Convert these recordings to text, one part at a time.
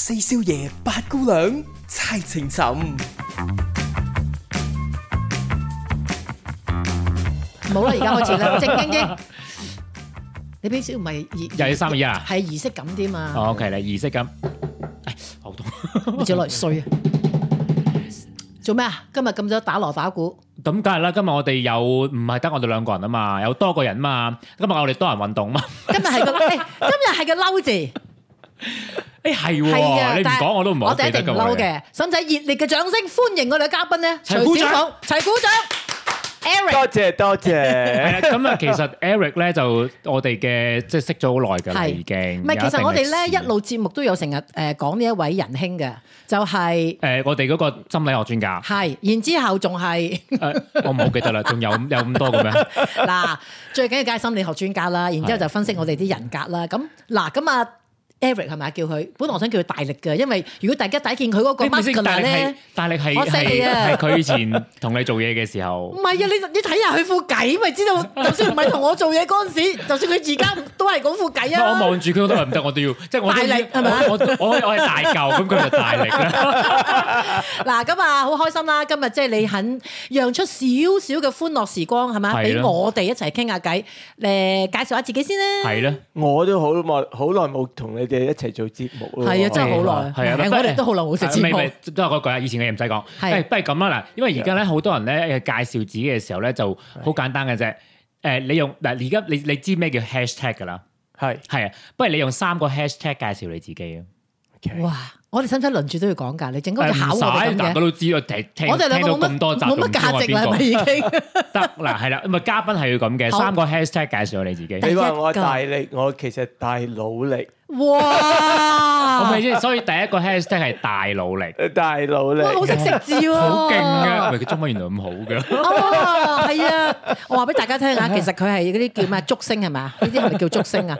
四少爺，八姑娘，猜情尋。冇啦，而家開始啦，正經啲。你邊少唔係儀？又要三二一啊？係儀式感添嘛？O K 啦，儀式感。哎，好凍。做落衰啊！做咩啊？今日咁早打鑼打鼓。咁梗係啦，今日我哋有唔係得我哋兩個人啊嘛，有多個人啊嘛。今日我哋多人運動嘛。今日係個，哎，今日係個嬲字。誒係喎，你唔講我都唔會記得咁。我一定唔嬲嘅，使唔使熱烈嘅掌聲歡迎我哋嘅嘉賓咧？齊鼓掌，齊鼓掌！Eric，多謝多謝。咁啊，其實 Eric 咧就我哋嘅即係識咗好耐噶啦，已經。唔係，其實我哋咧一路節目都有成日誒講呢一位仁兄嘅，就係誒我哋嗰個心理學專家。係，然之後仲係誒，我唔好記得啦，仲有有咁多嘅咩？嗱，最緊要梗係心理學專家啦，然之後就分析我哋啲人格啦。咁嗱，咁啊。Eric 係咪啊？叫佢，本來我想叫佢大力嘅，因為如果大家第一見佢嗰個乜嘅話咧，大力係我識啊！佢以前同你做嘢嘅時候，唔係啊！你你睇下佢副偈，咪知道。就算唔係同我做嘢嗰陣時，就算佢而家都係嗰副偈啊！我望住佢都係唔得，我都要即係大力係咪啊？我我我係大嚿，咁佢就大力啦。嗱，咁啊好開心啦！今日即係你肯讓出少少嘅歡樂時光，係咪啊？俾我哋一齊傾下偈。誒，介紹下自己先啦。係啦，我都好耐，好耐冇同你。嘅一齊做節目咯，係啊，真係好耐，係啊，我哋都好耐冇食節目。都係嗰句啊，以前嘅嘢唔使講。誒，不如咁啊。嗱，因為而家咧好多人咧介紹自己嘅時候咧就好簡單嘅啫。誒，你用嗱而家你你知咩叫 hashtag 㗎啦？係係啊，不如你用三個 hashtag 介紹你自己啊。哇！我哋生生輪住都要講㗎，你整嗰個考我哋嘅。我哋兩個冇乜冇乜價值係咪已經？得啦，係啦，咁係嘉賓係要咁嘅三個 hashtag 介紹你自己。你話，我大力，我其實大努力。哇！咁咪即係，所以第一個 hashtag 係大努力，大努力，好識食字喎，好勁嘅，唔係佢中文原來咁好嘅。係啊，我話俾大家聽下，其實佢係嗰啲叫咩竹升係咪啊？呢啲係咪叫竹升啊？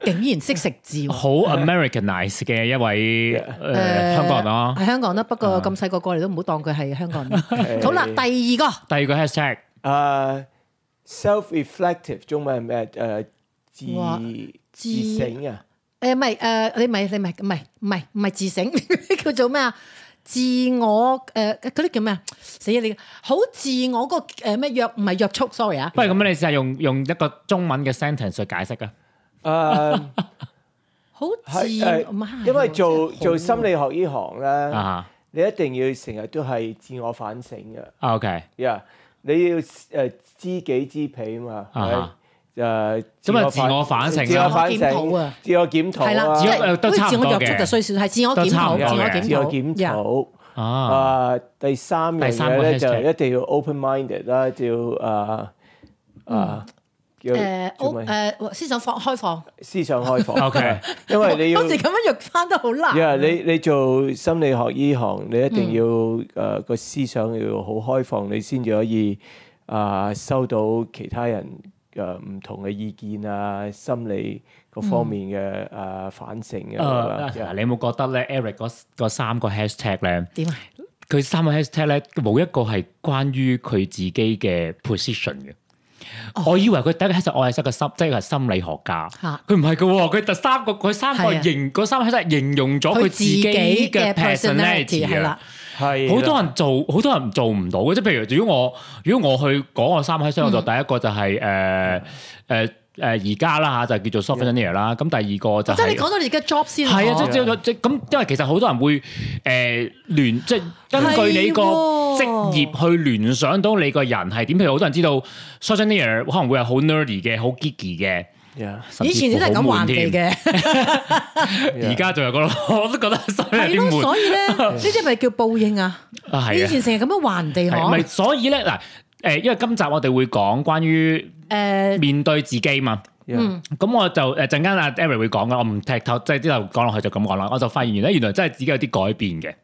竟然識食字，好 Americanized 嘅一位誒香港人咯，係香港人啦。不過咁細個過嚟都唔好當佢係香港人。好啦，第二個，第二個 hashtag，誒 self-reflective 中文係咩？誒自自省啊。誒，唔係，誒，你唔係，你唔係，唔係，唔係，唔係自省，叫做咩啊？自我誒，嗰啲叫咩啊？死啊你！好自我個誒咩約？唔係約束，sorry 啊。不如咁樣，你試下用用一個中文嘅 sentence 去解釋啊。誒，好自，因為做做心理學呢行咧，你一定要成日都係自我反省嘅。OK，呀，你要誒知己知彼啊嘛。誒，咁啊，自我反省啊，自我檢討啊，自我檢討係啦，即係都自我約束就少少，係自我檢討，自我檢討，自我檢討。啊，第三樣嘢咧就一定要 open minded 啦，要啊啊，誒，叫誒思想放開放，思想開放。OK，因為你要當時咁樣約翻都好難。因為你你做心理學依行，你一定要誒個思想要好開放，你先至可以啊收到其他人。誒唔、呃、同嘅意見啊，心理各方面嘅誒反省啊，啊你有冇覺得咧？Eric 嗰三個 hashtag 咧，點樣？佢三個 hashtag 咧，冇一個係關於佢自己嘅 position 嘅。我以為佢第一係就愛係一個心，即係係心理學家。佢唔係嘅，佢第三個佢三,三個形，嗰、啊、三個係真係形容咗佢自己嘅 personality 嘅。係，好多人做好、啊、多人做唔到嘅，即係譬如，如，如果我如果我去講我三喺商魚座，嗯、第一個就係誒誒。呃呃、誒而家啦嚇，就係叫做 software engineer 啦。咁第二個就係、即係你講到你而家 job 先係啊，即係咁，因為其實好多人會誒、呃、聯即係根據你個職業去聯想到你個人係點。譬如好多人知道 software engineer 可能會係好 nerdy 嘅、好 geeky 嘅。以前你係咁還人嘅，而家仲有個我都覺得係、啊、所以咧，呢啲咪叫報應啊？啊你以前成日咁樣還地哋可咪？所以咧嗱誒，因為今集我哋會講關於。誒、uh, 面對自己嘛，咁 Yeah.、嗯、我就誒陣間阿 Eric 會講㗎，我唔踢頭，即係之後講落去就咁講啦。我就發現原來原來真係自己有啲改變嘅。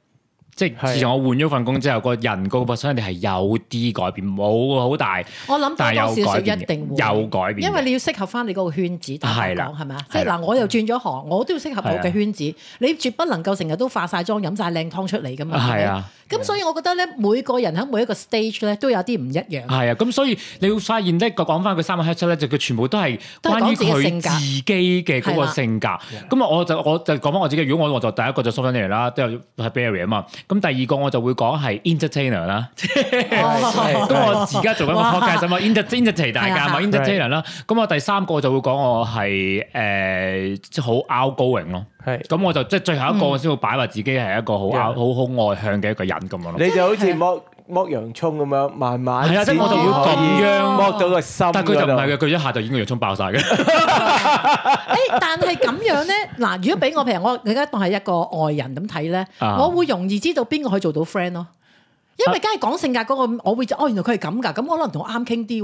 即係自從我換咗份工之後，個人個 personality 係有啲改變，冇好大。我諗但有少少一定有改變，因為你要適合翻你嗰個圈子。係啦，係咪啊？即係嗱，我又轉咗行，我都要適合我嘅圈子。你絕不能夠成日都化晒妝、飲晒靚湯出嚟㗎嘛。係啊。咁所以我覺得咧，每個人喺每一個 stage 咧都有啲唔一樣。係啊。咁所以你會發現咧，講翻佢三個 herself 咧，就佢全部都係關於自己性格，自己嘅嗰個性格。咁啊，我就我就講翻我自己。如果我我就第一個就 Sofia 嚟啦，都有 Barry 啊嘛。咁第二個我就會講係 entertainer 啦，咁我而家做緊個 podcast 啊嘛，entertain 大家啊嘛，entertainer 啦，咁、er, right. 我第三個就會講我係誒即係好 outgoing 咯，係、uh, 咁 Right. 我就即係、就是、最後一個先會擺話自己係一個好 out 好好外向嘅一個人咁樣咯，你就好似 剝洋蔥咁樣，慢慢即我就剝。咁樣、哦、剝到個心。但佢就唔係嘅，佢一下就整個洋蔥爆晒嘅。誒，但係咁樣咧，嗱，如果俾我，譬如我而家當係一個外人咁睇咧，啊、我會容易知道邊個可以做到 friend 咯。因為梗係講性格嗰個，我會哦，原來佢係咁噶，咁我可能同我啱傾啲。因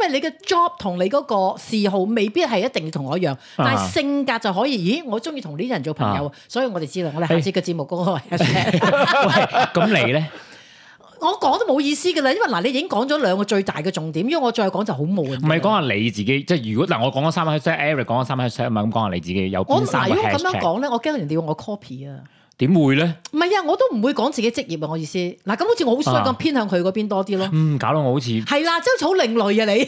為你嘅 job 同你嗰個嗜好未必係一定要同我一樣，啊、但係性格就可以。咦，我中意同呢啲人做朋友，啊、所以我哋知道、哎、我哋下次嘅節目嗰個 喂。咁你咧？我講都冇意思嘅啦，因為嗱你已經講咗兩個最大嘅重點，因為我再講就好悶。唔係講下你自己，即係如果嗱我講咗三塊，即係 Eric 講咗三塊，咁講下你自己有邊三塊？我如果咁樣講咧，我驚人哋要我 copy 啊。點會咧？唔係啊，我都唔會講自己職業啊，我意思嗱，咁好似我好衰咁偏向佢嗰邊多啲咯。嗯，搞到我好似係啦，即係好另類啊！你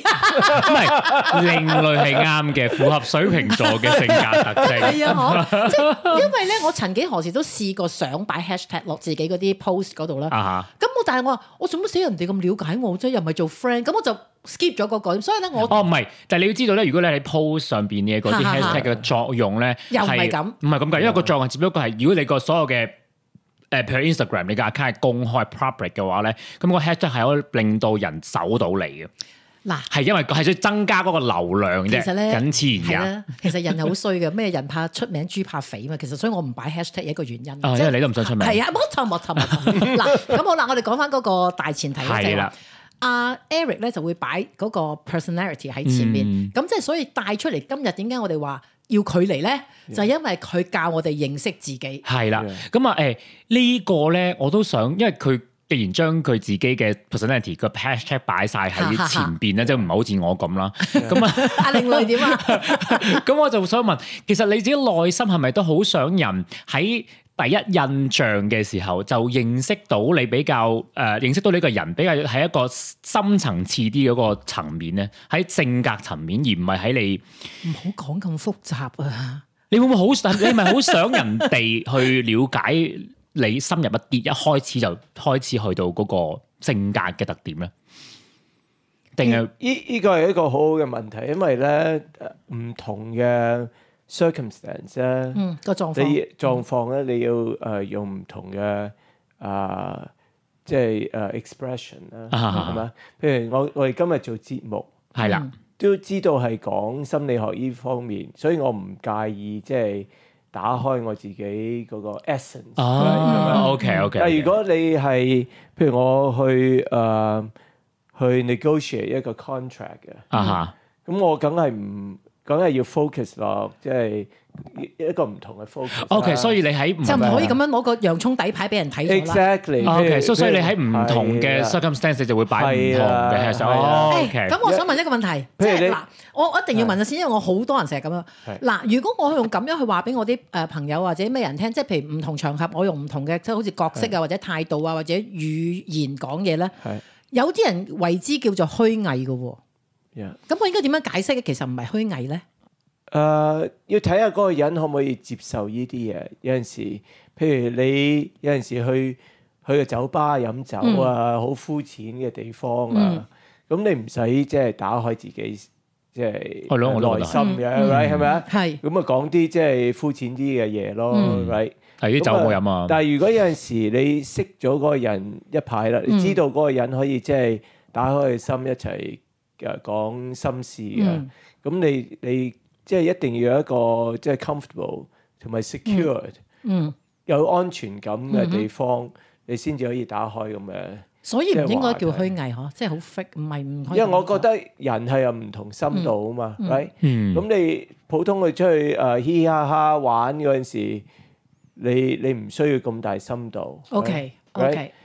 唔係 另類係啱嘅，符合水瓶座嘅性格特徵。係 啊，我即係因為咧，我曾經何時都試過想擺 hash tag 落自己嗰啲 post 嗰度啦。咁、啊、哈我但係我話，我做乜死人哋咁了解我啫？又唔係做 friend？咁我就。skip 咗嗰個，所以咧我哦唔係，但係你要知道咧，如果你喺 post 上邊嘅嗰啲 hashtag 嘅作用咧，又係咁，唔係咁㗎，因為個作用只不過係，如果你個所有嘅誒譬如 Instagram 你 account 係公開 public 嘅話咧，咁個 hashtag 係可以令到人走到嚟嘅嗱，係因為係想增加嗰個流量啫，其實咧僅此而已。其實人係好衰嘅，咩人怕出名，豬怕肥啊嘛。其實所以我唔擺 hashtag 一個原因啊，即係你都唔想出名係啊，冇錯冇錯嗱。咁好啦，我哋講翻嗰個大前提係啦。阿、uh, Eric 咧就會擺嗰個 personality 喺前邊，咁、嗯、即係所以帶出嚟今日點解我哋話要佢嚟咧？Yeah. 就係因為佢教我哋認識自己。係啦 Yeah.，咁啊誒呢個咧我都想，因為佢既然將佢自己嘅 personality 個 patch check 擺晒喺前邊咧，Yeah. 就唔係好似我咁啦。咁啊 Yeah. 那，阿另類點啊？咁 我就想問，其實你自己內心係咪都好想人喺？第一印象嘅時候就認識到你比較誒，認識到你呢個人比較喺一個深層次啲嗰個層面咧，喺性格層面，而唔係喺你，唔好講咁複雜啊！你會唔會好想？你係咪好想人哋去了解你深入一啲？一開始就開始去到嗰個性格嘅特點咧，定係呢？呢個係一個好好嘅問題，因為咧唔同嘅。circumstance 啊，啲狀況咧，你要誒用唔同嘅啊，即係誒 expression 啦，係嘛？譬如我我哋今日做節目係啦，都知道係講心理學依方面，所以我唔介意即係打開我自己嗰個 essence。啊，OK OK。但係如果你係譬如我去誒去 negotiate 一個 contract 嘅，啊哈，咁我梗係唔。講係要 focus 咯，即係一個唔同嘅 focus。OK，所以你喺即係唔可以咁樣攞個洋葱底牌俾人睇咗。Exactly，OK，所以你喺唔同嘅 circumstances 就會擺唔同嘅手勢。咁我想問一個問題，即係嗱，我一定要問下先，因為我好多人成日咁樣。嗱，如果我用咁樣去話俾我啲誒朋友或者咩人聽，即係譬如唔同場合，我用唔同嘅即係好似角色啊，或者態度啊，或者語言講嘢咧，有啲人為之叫做虛偽嘅喎。咁我應該點樣解釋咧？其實唔係虛偽咧。誒，要睇下嗰個人可唔可以接受呢啲嘢。有陣時，譬如你有陣時去去個酒吧飲酒啊，好膚淺嘅地方啊，咁你唔使即係打開自己，即係開攏我內心嘅，係咪？係咪啊？係。咁啊，講啲即係膚淺啲嘅嘢咯，right？係啲酒我飲啊。但係如果有陣時你識咗嗰個人一排啦，你知道嗰個人可以即係打開個心一齊。誒講心事嘅，咁你你即係一定要有一個即係 comfortable 同埋 secure，有安全感嘅地方，你先至可以打開咁樣。所以唔應該叫虛偽呵，即係好 fit，唔係唔。因為我覺得人係有唔同深度啊嘛，right，咁你普通去出去誒嘻嘻哈哈玩嗰陣時，你你唔需要咁大深度。OK，OK。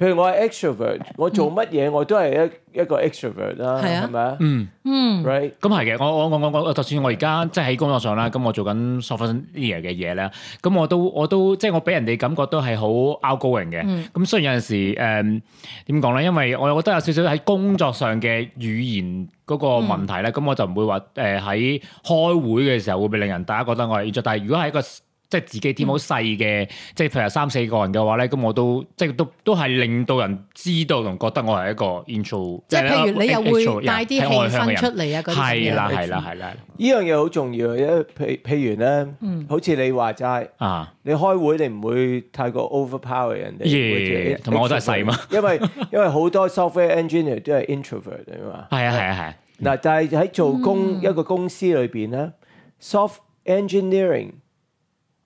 譬如我係 extrovert，我做乜嘢我都係一一個 extrovert 啦、mm. 吧，係咪啊？嗯嗯，Right？咁係嘅。我我我我我就算我而家即係喺工作上啦，咁、嗯、我做緊 software 嘅嘢咧，咁、嗯、我都我都即係我俾人哋感覺都係好 outgoing 嘅。咁、mm. 嗯、雖然有陣時誒點講咧，因為我又覺得有少少喺工作上嘅語言嗰個問題咧，咁、mm. 我就唔會話誒喺開會嘅時候會俾令人大家覺得我係，即係但係如果係一個。即係自己 team 好細嘅，即係譬如三四個人嘅話咧，咁我都即係都都係令到人知道同覺得我係一個 intro。即係譬如你又會帶啲氣氛出嚟啊，嗰啲嘢。係啦係啦係啦，呢樣嘢好重要。因為譬譬如咧，好似你話齋啊，你開會你唔會太過 overpower 人哋。耶，同埋我真係細嘛。因為因為好多 software engineer 都係 introvert 啊嘛。係啊係啊係啊。嗱，但係喺做工一個公司裏邊咧，software engineering。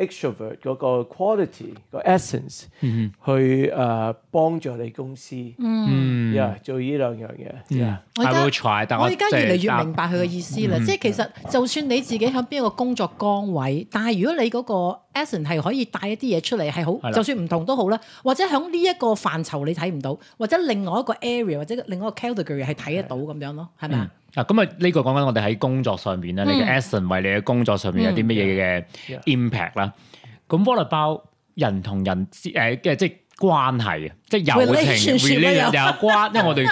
extrovert 嗰個 quality 個 essence、mm hmm. 去誒、呃、幫助你公司，呀、mm hmm. yeah, 做呢兩樣嘢，mm hmm. yeah. try, 我而家越嚟越明白佢嘅意思啦。Mm hmm. 即係其實就算你自己喺邊一個工作崗位，但係如果你嗰個 essence 係可以帶一啲嘢出嚟，係好就算唔同都好啦。或者喺呢一個範疇你睇唔到，或者另外一個 area 或者另外一個 category 係睇得到咁樣咯，係咪？啊，咁啊，呢個講緊我哋喺工作上面咧，你嘅 essence 為你嘅工作上面有啲乜嘢嘅 impact 啦？咁 what about 人同人誒嘅即係關係啊，即係友情，relationship，因為我哋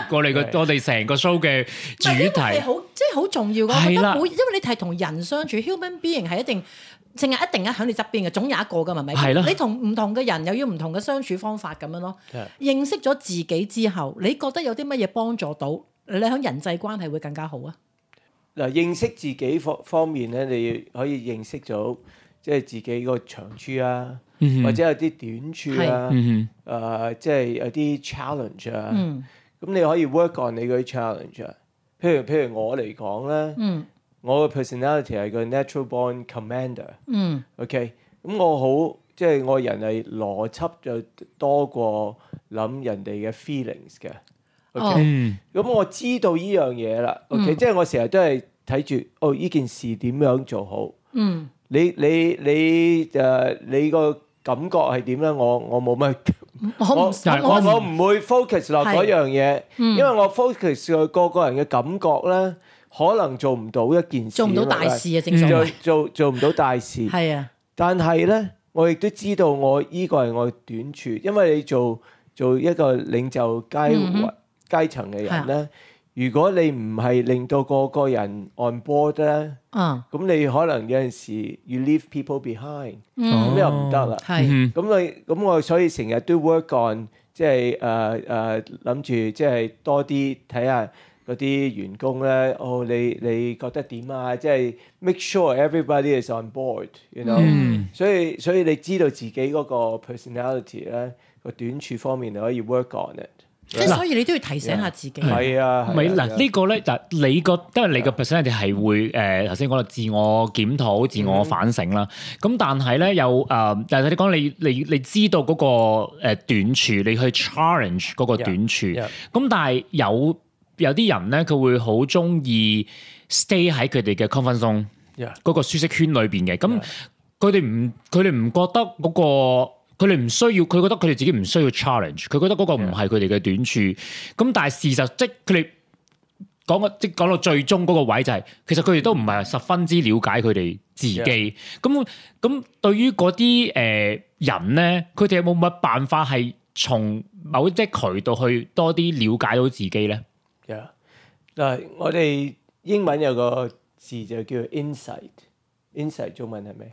我哋嘅我哋成個 show 嘅主題好即係好重要嘅，係啦，因為你係同人相處，human being 係一定淨係一定喺你側邊嘅，總有一個噶嘛，係咪？係啦，你同唔同嘅人又要唔同嘅相處方法咁樣咯。認識咗自己之後，你覺得有啲乜嘢幫助到？你喺人際關係會更加好啊！嗱，認識自己方方面咧，你要可以認識到即係自己個長處啊，或者有啲短處啦，誒，即係有啲 challenge 啊。咁你可以 work on 你嗰啲 challenge 啊。譬如譬如我嚟講咧，我嘅 personality 係個 natural born commander。嗯。OK，咁我好即係我人係邏輯就多過諗人哋嘅 feelings 嘅。哦，咁我知道呢樣嘢啦。O K，即係我成日都係睇住哦，呢件事點樣做好？嗯，你你你誒，你個感覺係點咧？我我冇乜，我我我唔會 focus 落嗰樣嘢，因為我 focus 喺個個人嘅感覺咧，可能做唔到一件事，做唔到大事啊！正常做做唔到大事，係啊。但係咧，我亦都知道我依個係我短處，因為你做做一個領袖皆階層嘅人咧，如果你唔係令到個個人 on board 咧，咁你可能有陣時 you leave people behind，咁又唔得啦。咁你咁我所以成日都 work on，即係誒誒諗住即係多啲睇下嗰啲員工咧。哦，你你覺得點啊？即係 make sure everybody is on board，you know。所以所以你知道自己嗰個 personality 咧，個短處方面你可以 work on 嘅。即係所以你都要提醒下自己，係啊，唔係嗱呢個咧就你個，因為你個 person，你係會誒頭先講到自我檢討、自我反省啦。咁、嗯、但係咧有誒，但、呃、係你講你你你知道嗰個短處，你去 challenge 嗰個短處。咁 Yeah, yeah. 但係有有啲人咧，佢會好中意 stay 喺佢哋嘅 comfort zone 嗰個舒適圈裏邊嘅。咁佢哋唔佢哋唔覺得嗰、那個。佢哋唔需要，佢覺得佢哋自己唔需要 challenge，佢覺得嗰個唔係佢哋嘅短處。咁、嗯、但係事實，即係佢哋講個即係講到最終嗰個位就係、是，其實佢哋都唔係十分之了解佢哋自己。咁咁、嗯、對於嗰啲誒人咧，佢哋有冇乜辦法係從某一即渠道去多啲了解到自己咧？呀、嗯！嗱、嗯，我哋英文有個字就叫 insight，insight 中文係咩？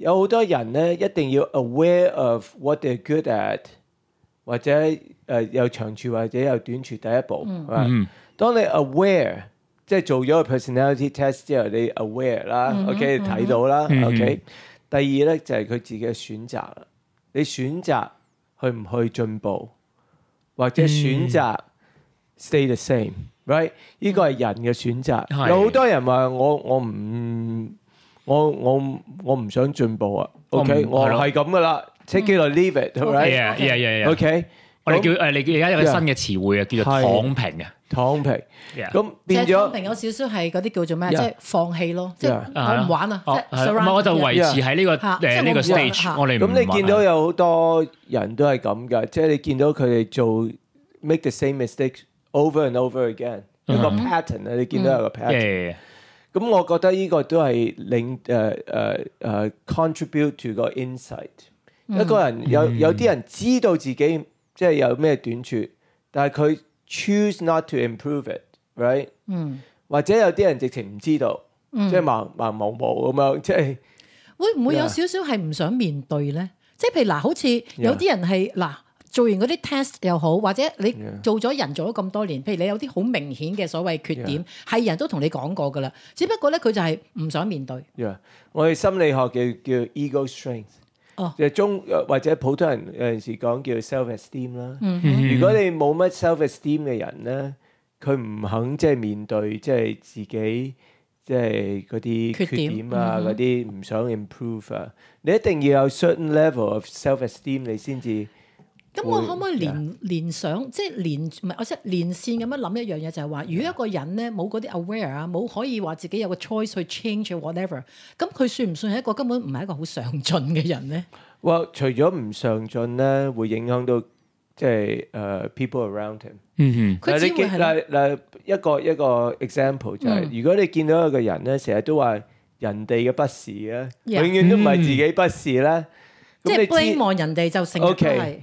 有好多人咧，一定要 aware of what they're good at，或者誒有長處或者有短處。第一步，係嘛？當你 aware，即係做咗個 personality test 之後，你 aware 啦，OK，你睇到啦，OK。第二咧就係佢自己嘅選擇啦。你選擇去唔去進步，或者選擇 stay the same，right？呢個係人嘅選擇。有好多人話：我我唔。我我我唔想進步啊，OK，我係咁噶啦，Take it or leave it，right？Yeah，yeah，yeah。OK，我哋叫誒，而而家有一個新嘅詞彙啊，叫做躺平啊，躺平。咁變咗，躺平有少少係嗰啲叫做咩？即係放棄咯，即係我唔玩啊，即係 surround。唔係，我就維持喺呢個誒呢個 stage。我哋咁你見到有好多人都係咁噶，即係你見到佢哋做 make the same mistakes over and over again，一個 pattern 啊，你見到有個 pattern。咁我覺得呢個都係令誒誒誒 contribute to 個 insight、嗯。一個人有有啲人知道自己即係、就是、有咩短處，但係佢 choose not to improve it，right？嗯。或者有啲人直情唔知道，即、就、係、是、盲，盲盲無無咁樣，即、就、係、是、會唔會有少少係唔想面對咧？即係譬如嗱，好似有啲人係嗱。Yeah. 做完嗰啲 test 又好，或者你做咗人做咗咁多年，譬如你有啲好明顯嘅所謂缺點，係人都同你講過噶啦。只不過咧，佢就係唔想面對。我哋心理學嘅叫 ego strength，就係中或者普通人有陣時講叫 self esteem 啦。如果你冇乜 self esteem 嘅人咧，佢唔肯即係面對即係自己即係嗰啲缺點啊，嗰啲唔想 improve 啊，你一定要有 certain level of self esteem 你先至。咁我可唔可以連連想，即係連唔係，我即係連線咁樣諗一樣嘢，就係話，如果一個人咧冇嗰啲 aware 啊，冇可以話自己有個 choice 去 change whatever，咁佢算唔算係一個根本唔係一個好上進嘅人咧？哇！除咗唔上進咧，會影響到即係誒 people around him。嗯哼，嗱你見嗱嗱一個一個 example 就係，如果你見到一個人咧，成日都話人哋嘅不是咧，永遠都唔係自己不是咧，即係 blame 人哋就成 OK。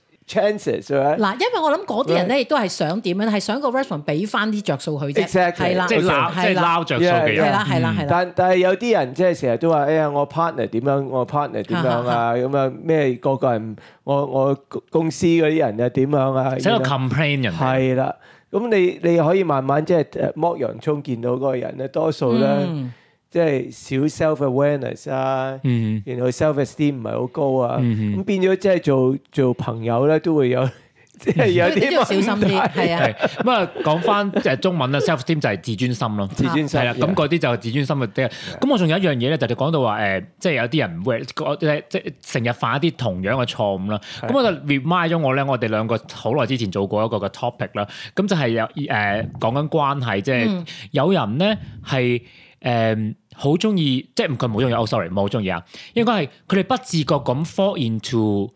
chances 係咪？嗱，因為我諗嗰啲人咧，亦都係想點樣？係想個 restaurant 俾翻啲著數佢啫。係啦，即係撈，即係撈著數嘅人。係啦，係啦，係啦。但係有啲人即係成日都話：哎呀，我 partner 點樣？我 partner 點樣啊？咁啊咩？個個人，我我公司嗰啲人又點樣啊？使我 complain 人係啦。咁你你可以慢慢即係剝洋葱，見到嗰個人咧，多數咧。即係少 self awareness 啊，然後 self esteem 唔係好高啊，咁變咗即係做做朋友咧都會有，即係有啲小心啲，係啊。咁啊講翻誒中文啦，self esteem 就係自尊心咯，自尊心係啦。咁嗰啲就自尊心嘅啲。咁我仲有一樣嘢咧，就就講到話誒，即係有啲人唔會即係成日犯一啲同樣嘅錯誤啦。咁我就 remind 咗我咧，我哋兩個好耐之前做過一個嘅 topic 啦。咁就係有誒講緊關係，即係有人咧係誒。好中意，即係佢唔好中意。Oh，sorry，唔好中意啊！應該係佢哋不自覺咁 fall into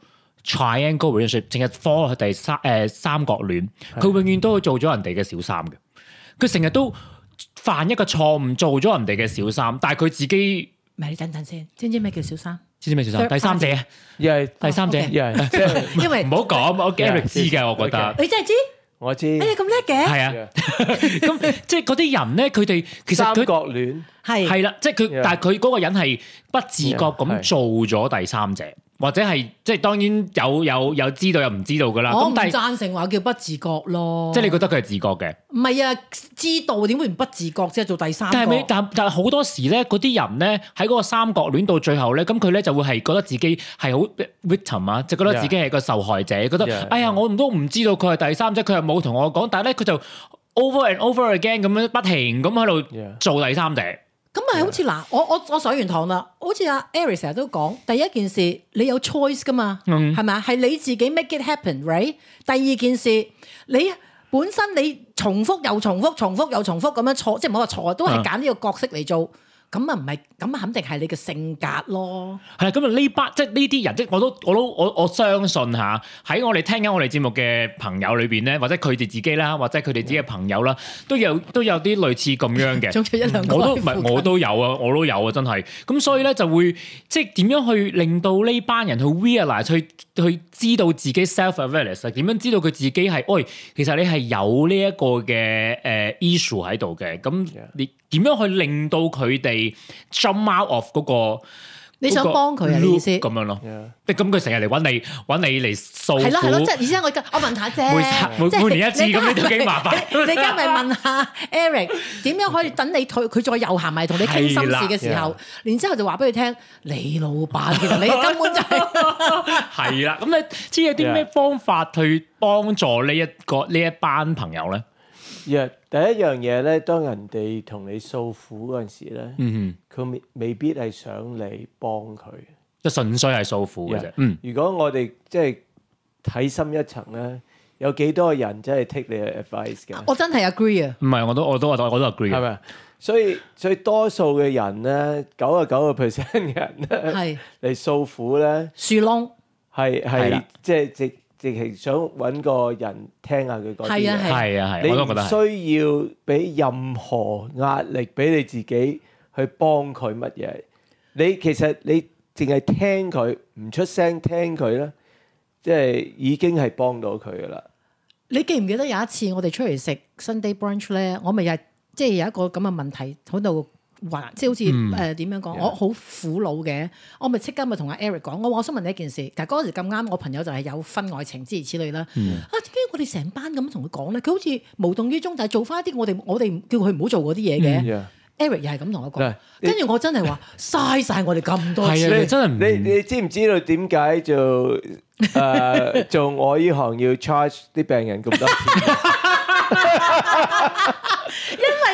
triangle relationship，淨係 fall 去第三誒三角戀，佢永遠都做咗人哋嘅小三嘅。佢成日都犯一個錯誤，做咗人哋嘅小三，但係佢自己，咪你等等先，知唔知咩叫小三？知唔知咩小三？第三者，因為第三者，因為唔好講，我 Eric 知嘅，我覺得你真係知，我知，你咁叻嘅，係啊，咁即係嗰啲人咧，佢哋其實三角戀。係係啦，即係佢，Yeah. 但係佢嗰個人係不自覺咁做咗第三者，Yeah. 或者係即係當然有有有知道又唔知道噶啦、oh, 是。我唔贊成話叫不自覺咯。即係你覺得佢係自覺嘅？唔係啊，知道點會唔不自覺啫？做第三者？但但係好多時咧，嗰啲人咧喺嗰個三角戀到最後咧，咁佢咧就會係覺得自己係好 victim 啊，就 Yeah. 覺得自己係個受害者，覺得哎呀，我都唔知道佢係第三者，佢又冇同我講，但係咧佢就 over and over again 咁樣不停咁喺度做第三者。Yeah. yeah. 咁啊， 好似嗱，我我我上完堂啦，好似阿 Eric 成日都講，第一件事你有 choice 噶嘛，係咪啊？係、hmm. 你自己 make it happen，right？第二件事，你本身你重複又重複，重複又重複咁樣錯，即係唔好話錯，都係揀呢個角色嚟做。Mm hmm. 咁啊唔係，咁肯定係你嘅性格咯。係啦，咁啊呢班即係呢啲人，即係我都我都我我相信吓，喺我哋聽緊我哋節目嘅朋友裏邊咧，或者佢哋自己啦，或者佢哋自己嘅朋友啦，都有都有啲類似咁樣嘅。 一兩個我都唔係，我都有啊，我都有啊，真係。咁所以咧就會即係點樣去令到呢班人去 realize，去去知道自己 self-awareness，點樣知道佢自己係，喂、欸，其實你係有呢一個嘅誒 issue 喺度嘅，咁你。Yeah. 點樣去令到佢哋 jump out of 嗰個？你想幫佢嘅意思咁樣咯？誒，咁佢成日嚟揾你，揾你嚟訴苦係咯係咯，即係而且我我問下姐，每每每年一次咁咧，就幾麻煩。你而家咪問下 Eric，點樣可以等你退佢再又行埋同你傾心事嘅時候，然之後就話俾佢聽，你老闆其實你根本就係係啦。咁你知有啲咩方法去幫助呢一個呢一班朋友咧？一第一樣嘢咧，當人哋同你訴苦嗰陣時咧，佢未未必係想你幫佢，即係純粹係訴苦嘅。嗯，如果我哋即係睇深一層咧，有幾多人真係 take 你嘅 advice 嘅？我真係 agree 啊！唔係，我都我都我都 agree，係咪啊？所以所以多數嘅人咧，九啊九個 percent 嘅人咧，係嚟訴苦咧，樹窿係係即係直。直情想搵個人聽下佢講嘢，係啊，係，你唔需要俾任何壓力俾你自己去幫佢乜嘢。你其實你淨係聽佢，唔出聲聽佢啦，即係已經係幫到佢㗎啦。你記唔記得有一次我哋出嚟食 Sunday brunch 咧，我咪日即係有一個咁嘅問題喺度。或即係好似誒點樣講，我好苦惱嘅，我咪即刻咪同阿 Eric 講，我話我想問你一件事，但係嗰時咁啱，我朋友就係有婚外情諸如此類啦。啊，點解我哋成班咁同佢講咧？佢好似無動於衷，但係做翻一啲我哋我哋叫佢唔好做嗰啲嘢嘅。Eric 又係咁同我講，跟住我真係話嘥晒我哋咁多。係啊，你真係你你知唔知道點解做誒做我呢行要 charge 啲病人咁多錢？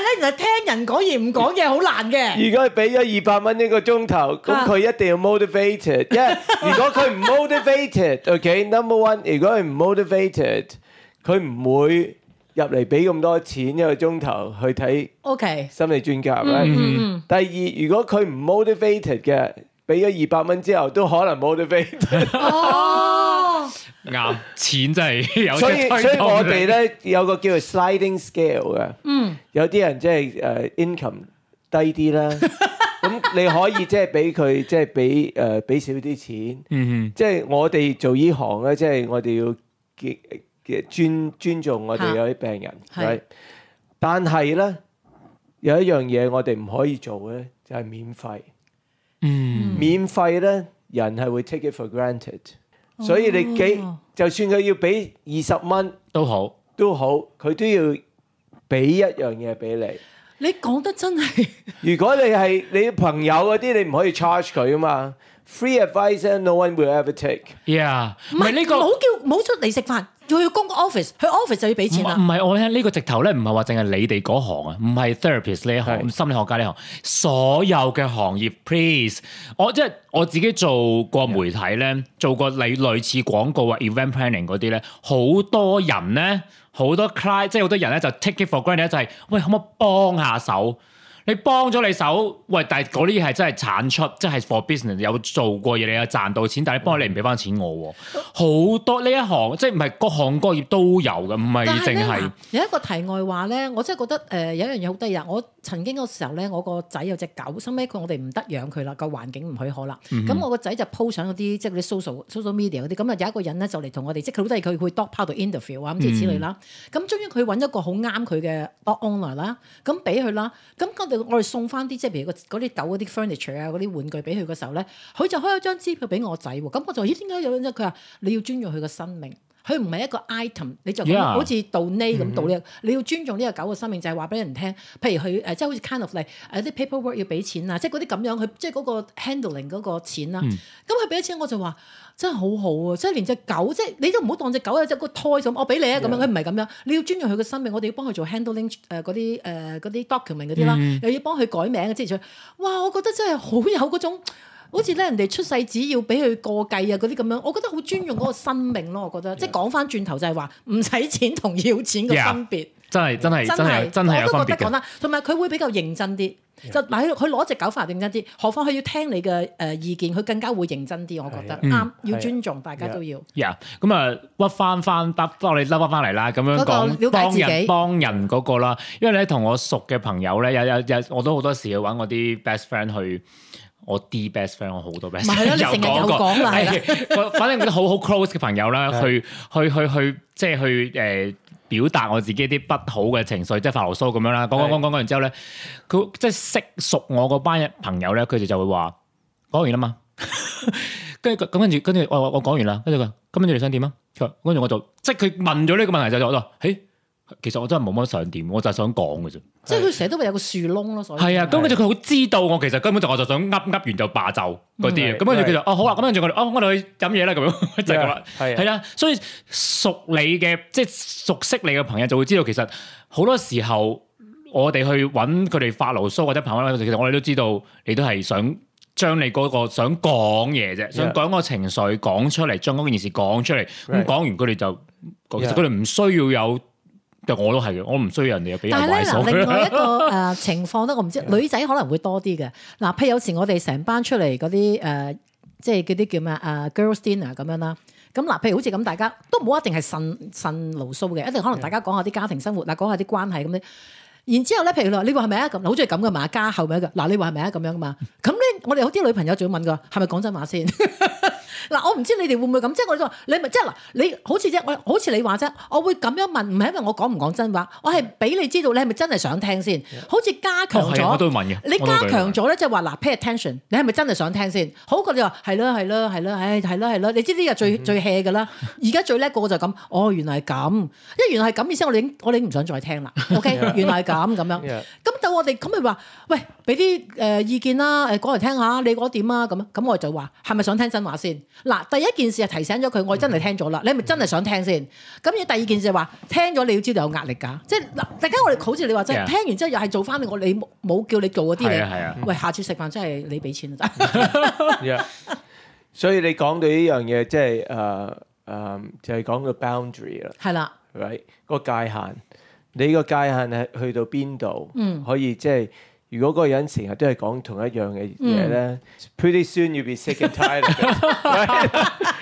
咧就係聽人講嘢唔講嘢，好難嘅。如果佢俾咗二百蚊一個鐘頭，咁佢一定要 motivated。因為如果佢唔 motivated，OK，number one，如果佢唔 motivated，佢唔會入嚟俾咁多錢一個鐘頭去睇。OK。心理專家咩？第二，如果佢唔 motivated 嘅，俾咗二百蚊之後，都可能 motivated。啱，錢真係有。所以所以我哋咧有個叫做 sliding scale 嘅，嗯，有啲人即係誒 income 低啲啦，咁 你可以即係俾佢即係俾誒俾少啲錢，嗯哼，即係我哋做呢行咧，即係我哋要嘅尊尊重我哋有啲病人係，但係咧有一樣嘢我哋唔可以做咧就係免費，嗯，免費咧人係會 take it for granted。所以你幾、oh. 就算佢要俾二十蚊都好，都好，佢都要俾一樣嘢俾你。你講得真係 如果你係你朋友嗰啲，你唔可以 charge 佢啊嘛。Free advice，and no one will ever take yeah. 是。Yeah，唔係呢個，冇叫，冇出嚟食飯。佢要供個 office，佢 office 就要俾錢啦。唔係我聽呢個直頭咧，唔係話淨係你哋嗰行啊，唔係 therapist 呢一行的心理學家呢行，所有嘅行業，please，我即係我自己做過媒體咧，做過你類似廣告啊、event planning 嗰啲咧，好多人咧，好多 client，即係好多人咧就 take it for granted 就係，喂可唔可以幫下手？你幫咗你手，喂！但係嗰啲嘢係真係產出，即係 for business 有做過嘢，你有賺到錢，但係你幫咗你唔俾翻錢我，好、嗯、多呢一行即係唔係各行各業都有嘅，唔係淨係。有一個題外話咧，我真係覺得誒、呃、有一樣嘢好得意啊我。曾經嗰個時候咧，我個仔有隻狗，收尾佢我哋唔得養佢啦，個環境唔許可啦。咁、嗯、哼我個仔就 po 上嗰啲即係嗰啲 social social media 嗰啲，咁啊有一個人咧就嚟同我哋，即係佢老細佢會 dog part interview 啊，咁諸如此類啦。咁、嗯、哼終於佢揾一個好啱佢嘅 o owner 啦，咁俾佢啦。咁跟住我哋送翻啲即係譬如嗰啲狗嗰啲 furniture 啊，嗰啲玩具俾佢嘅時候咧，佢就開一張支票俾我仔。咁我就咦，點解有呢？佢話你要尊重佢嘅生命。佢唔係一個 item，你就好似到呢咁道呢。你要尊重呢個狗嘅生命，就係話俾人聽。譬如佢、呃、即係好似 kind of like，有啲 paperwork 要俾錢啊，即係嗰啲咁樣，佢即係嗰個 handling 嗰個錢啦。咁佢俾咗錢，我就話真係好好啊！即係連隻狗，即係你都唔好當隻狗有隻個胎咁、哦，我俾你啊咁樣。佢唔係咁樣，你要尊重佢嘅生命，我哋要幫佢做 handling 誒嗰啲、呃、誒嗰、呃、啲、呃呃呃呃、document 嗰啲啦，嗯、又要幫佢改名即之類。哇、就是！我覺得真係好有嗰種。好似咧，人哋出世只要俾佢過繼啊，嗰啲咁樣，我覺得好尊重嗰個生命咯。我覺得，即係講翻轉頭就係話，唔使錢同要錢嘅分別，真係真係真係，我都覺得講得，同埋佢會比較認真啲。就嗱，佢佢攞隻狗翻嚟認真啲，何況佢要聽你嘅誒意見，佢更加會認真啲。我覺得啱，要尊重大家都要。咁啊，屈翻翻，得幫你攞翻翻嚟啦。咁樣了解自己，幫人嗰個啦。因為咧，同我熟嘅朋友咧，有有有，我都好多時去揾我啲 best friend 去。我啲 best friend，我好多 best friend，係啦，你成日有講嚟啦。反反正好好 close 嘅朋友啦是的，去去去去，即係去誒、呃、表達我自己啲不好嘅情緒，即係發牢騷咁樣啦。講講講講完之後咧，佢是的 即係識熟我嗰班朋友咧，佢哋就會話講完啦嘛。跟咁跟住跟住我我講完啦，跟住佢，跟住你想點啊？跟住我就即係佢問咗呢個問題就我就話，嘿、欸。其實我真係冇乜想點，我就係想講嘅啫。即係佢成日都會有個樹窿咯，所以係啊。咁跟住佢好知道我其實根本就我就想噏噏完就罷就嗰啲。咁跟住佢就哦是、啊、好啦，咁跟住我哋哦我哋去飲嘢啦，咁 樣就係啦。係啦是、啊啊，所以熟你嘅即係熟悉你嘅朋友就會知道，其實好多時候我哋去搵佢哋發牢騷或者朋友其實我哋都知道你都係想將你嗰、那個想講嘢啫，想講是個情緒講出嚟，將嗰件事講出嚟。咁講是是完佢哋就其實佢哋唔需要有。就我都係嘅，我唔需要人哋又俾，但係咧嗱， 另外一個誒情況咧，我唔知， 女仔可能會多啲嘅。嗱，譬如有時我哋成班出嚟嗰啲誒，即係嗰啲叫咩啊？Girls dinner 咁樣啦。咁嗱，譬如好似咁，大家都冇一定係呻呻牢騷嘅，一定可能大家講下啲家庭生活，啊講下啲關係咁咧。然之後咧，譬如你話你話係咪啊？咁好中意咁嘅嘛，家後尾嘅。嗱，你話係咪啊？咁樣啊嘛。咁咧，我哋好啲女朋友仲要問㗎，係咪講真話先？ 嗱，我唔知你哋會唔會咁，即係我都話你咪即係嗱，你好似即我，好似你話啫，我會咁樣問，唔係因為我講唔講真話，我係俾你知道你係咪真係想聽先，好似加強咗，我都要問嘅。你加強咗咧，即係話嗱，pay attention，你係咪真係想聽先？好過你話係咯係咯係咯，唉係咯係咯，你知啲又最最 hea 嘅啦。而家最叻個就咁，哦原來係咁，因為原來係咁意思，我哋我哋唔想再聽啦。OK，原來係咁咁樣。我哋咁咪話喂，俾啲誒意見啦，啊，誒講嚟聽下，你嗰點啊？咁咁我就話係咪想聽真話先？嗱，第一件事係提醒咗佢，我真係聽咗啦，Okay. 你係咪真係想聽先？咁而第二件事就話聽咗你要知道有壓力噶，即係嗱，大家我哋好似你話齋，Yeah. 聽完之後又係做翻你，我你冇叫你做嗰啲嘢，喂，下次食飯真係你俾錢就得。Yeah. Yeah. 所以你講到呢樣嘢，即係誒誒，就係講個 boundary 啦，係啦，right 個界限。你個界限係去到邊度？可以即係，如果嗰個人成日都係講同一樣嘅嘢咧，Pretty soon you'll be sick and tired。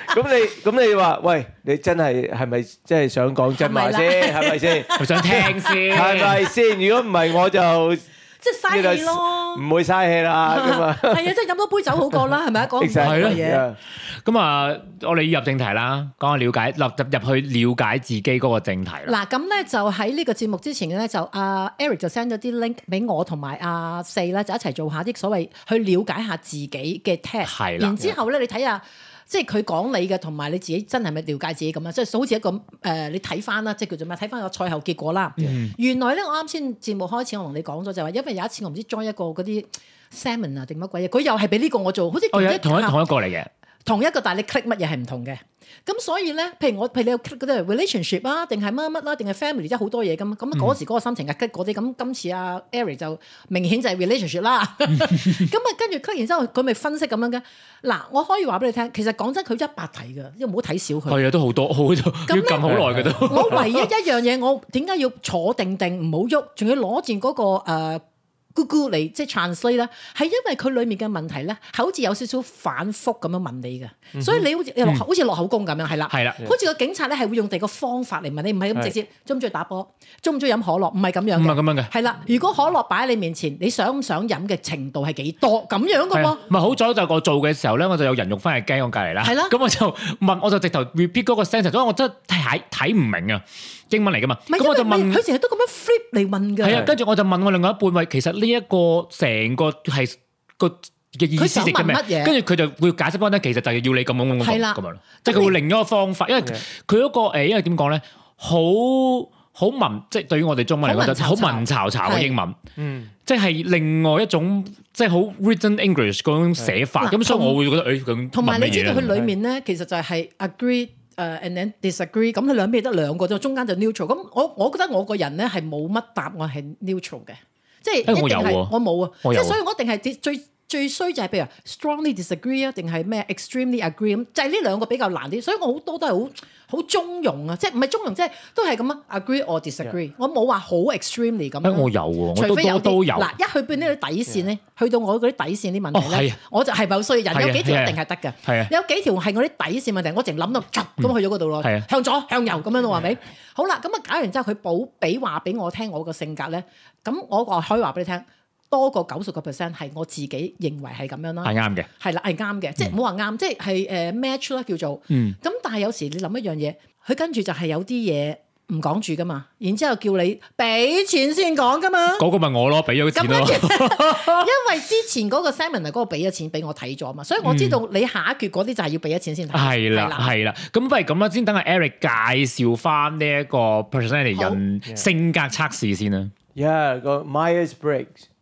咁你咁你話，喂，你真係係咪真係想講真話先？係咪先？想聽先？係咪先？如果唔係，我就，即係嘥氣咯，唔會嘥氣啦，係啊，即係飲多杯酒好過啦，係咪啊？講唔係乜嘢？咁啊，我哋要入正題啦，講下了解，入入去了解自己嗰個正題啦。嗱，咁咧就喺呢個節目之前咧，就阿 Eric 就 send 咗啲 link 俾我同埋阿四啦，就一齊做下啲所謂去了解下自己嘅 test。係啦，然之後咧，你睇下。即係佢講你嘅，同埋你自己真係咪了解自己咁啊？即係好似一個誒、呃，你睇翻啦，即係叫做咩？睇翻個賽後結果啦。Yeah. 原來咧，我啱先節目開始，我同你講咗就係話，因為有一次我唔知 join 一個嗰啲 salmon 啊定乜鬼嘢，佢又係俾呢個我做，好似、哦、同一下同一個嚟嘅。同一個，但你 click 乜嘢係唔同嘅，咁所以咧，譬如我，譬如你有 click 嗰啲 relationship 啊，定係乜乜啦，定係 family 即係好多嘢咁、啊。咁嗰時嗰個心情 click 啊，跟嗰啲咁。今次阿 Eric 就明顯就係 relationship 啦。咁啊， 跟住 click 完之後，佢咪分析咁樣嘅、啊。嗱，我可以話俾你聽，其實講真，佢一百題㗎，因為唔好睇少佢。係啊、哎，都好多，好多。多要撳好耐嘅都的。 我唯一一樣嘢，我點解要坐定定唔好喐，仲要攞住嗰個、呃 Google 嚟即係 translate 啦，係、就是、因為佢裏面嘅問題咧，係好似有少少反复咁樣問你嘅嗯、哼所以你，你好似好似落口供咁樣，係啦，係啦，好似個警察咧係會用第二個方法嚟問你，唔係咁直接，中唔中意打波，中唔中意飲可樂，唔係咁樣嘅，唔係咁樣嘅，係啦，如果可樂擺喺你面前，你想唔想飲嘅程度係幾多咁樣嘅喎，唔係好早就我做嘅時候咧，我就有人肉翻譯機我隔籬啦，係啦了，咁我就問，我就直頭 repeat 嗰個 sentence，所以我真係睇睇唔明啊。英文嚟噶嘛？咁我就問佢成日都咁樣 flip 嚟問㗎。係啊，跟住我就問我另外一半，喂，其實呢一個成個係個嘅意思係乜嘢？跟住佢就會解釋翻咧，其實就係要你咁樣咁樣咁樣咯。即係佢會另一個方法，因為佢嗰個誒，因為點講咧，好好文，即係對於我哋中文嚟講，就好文縐縐嘅英文。嗯，即係另外一種即係好 written English 嗰種寫法。咁所以我會覺得誒咁。同埋你知道佢裡面咧，其實就係 agree。誒、uh, and then disagree，咁佢兩邊得兩個啫，中間就 neutral。咁我我覺得我個人咧係冇乜答案係 neutral 嘅，即係一定 我冇啊，即係 所以我一定係最。最衰就係譬如 strongly disagree 啊，定係咩 extremely agree 就係呢兩個比較難啲，所以我好多都係好好中庸啊，即係唔係中庸，即係都係咁啊，agree or disagree，Yeah. 我冇話好 extremely 咁。誒，我有喎、啊，除非有啲嗱，一去到呢啲底線咧，Yeah. 去到我嗰啲底線啲問題咧，oh, 我就係咪好衰？人有幾條一定係得嘅，有幾條係我啲底線問題，我淨諗到咁去咗嗰度咯，向左向右咁樣咯，係咪的？好啦，咁啊搞完之後，佢冇俾話俾我聽我個性格咧，咁我可以話俾你聽。多過九十個 percent 係我自己認為係咁樣啦，係啱嘅，係啦，係啱嘅，即係唔好話啱，即係係誒 match 啦叫做，咁但係有時你諗一樣嘢，佢跟住就係有啲嘢唔講住噶嘛，然之後叫你俾錢先講噶嘛，嗰個咪我咯，俾咗錢咯，因為之前嗰個 seminar 嗰個俾咗錢俾我睇咗啊嘛，所以我知道你下一決嗰啲就係要俾咗錢先睇，係啦，係啦，咁不如咁啦，先等下 Eric 介紹翻呢一個 personality 人性格測試先啦，Yeah，個 Myers Briggs。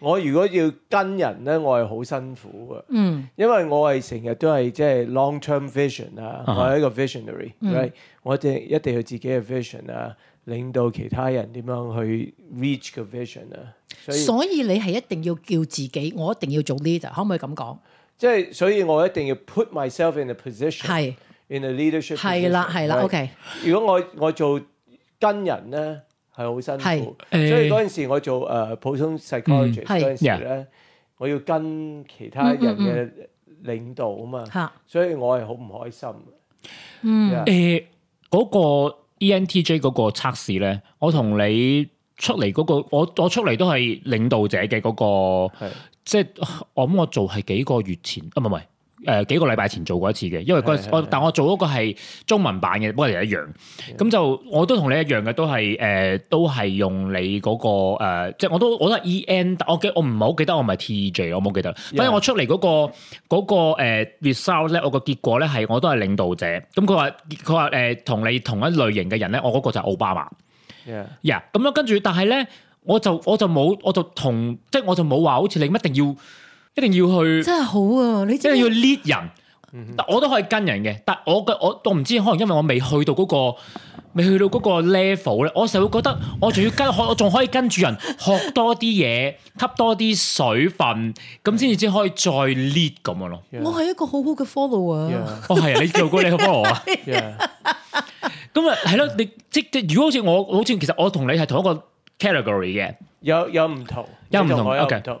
我如果要跟人咧，我係好辛苦嘅，因為我係成日都係即係 long-term vision 啦，我係一個 visionary，我即係一定要自己嘅 vision 啦，領導其他人點樣去 reach 個 vision 啊。所以你係一定要叫自己，我一定要做 leader，可唔可以咁講？即係所以我一定要 put myself in a position，係 in a leadership。係啦，係啦，OK。如果我我做跟人咧，係好辛苦，呃、所以嗰陣時我做誒普通 psychology 嗰陣時咧，嗯嗯、我要跟其他人嘅領導啊嘛，嗯嗯、所以我係好唔開心。嗯，誒嗰 Yeah、呃嗰個 ENTJ 嗰個測試咧，我同你出嚟嗰、那個，我我出嚟都係領導者嘅嗰、那個，即係是、就是、我諗我做係幾個月前啊，唔係。誒、呃、幾個禮拜前做過一次嘅，因為嗰陣時是我，但我做嗰個係中文版嘅，不過又一樣。咁就我都同你一樣嘅，都係誒、呃，都係用你嗰、那個、呃、即係我都我都係 E N，我記我唔係好記得我唔係 T J，我冇記得。反正我出嚟嗰、那個嗰、那個呃、result 咧，我個結果咧係我都係領導者。咁佢話佢話誒，同、呃、你同一類型嘅人咧，我嗰個就係奧巴馬。咁 Yeah.、yeah, 樣跟住，但係咧，我就我就冇我就同即係、就是、我就冇話好似你一定要。一定要去，真係好啊！你一定要 lead 人，但我都可以跟人嘅。但我嘅我我唔知，可能因為我未去到嗰個，未去到個 level 咧，我就會覺得我仲要跟，我仲可以跟住人學多啲嘢，吸多啲水分，咁先至先可以再 lead 咁樣咯。我係一個好好嘅 follower 啊！哦係啊，你做過你個 follower 啊？咁啊係咯，你即係如果好似我，好似其實我同你係同一個 category 嘅，有有唔同，有唔同，有唔同。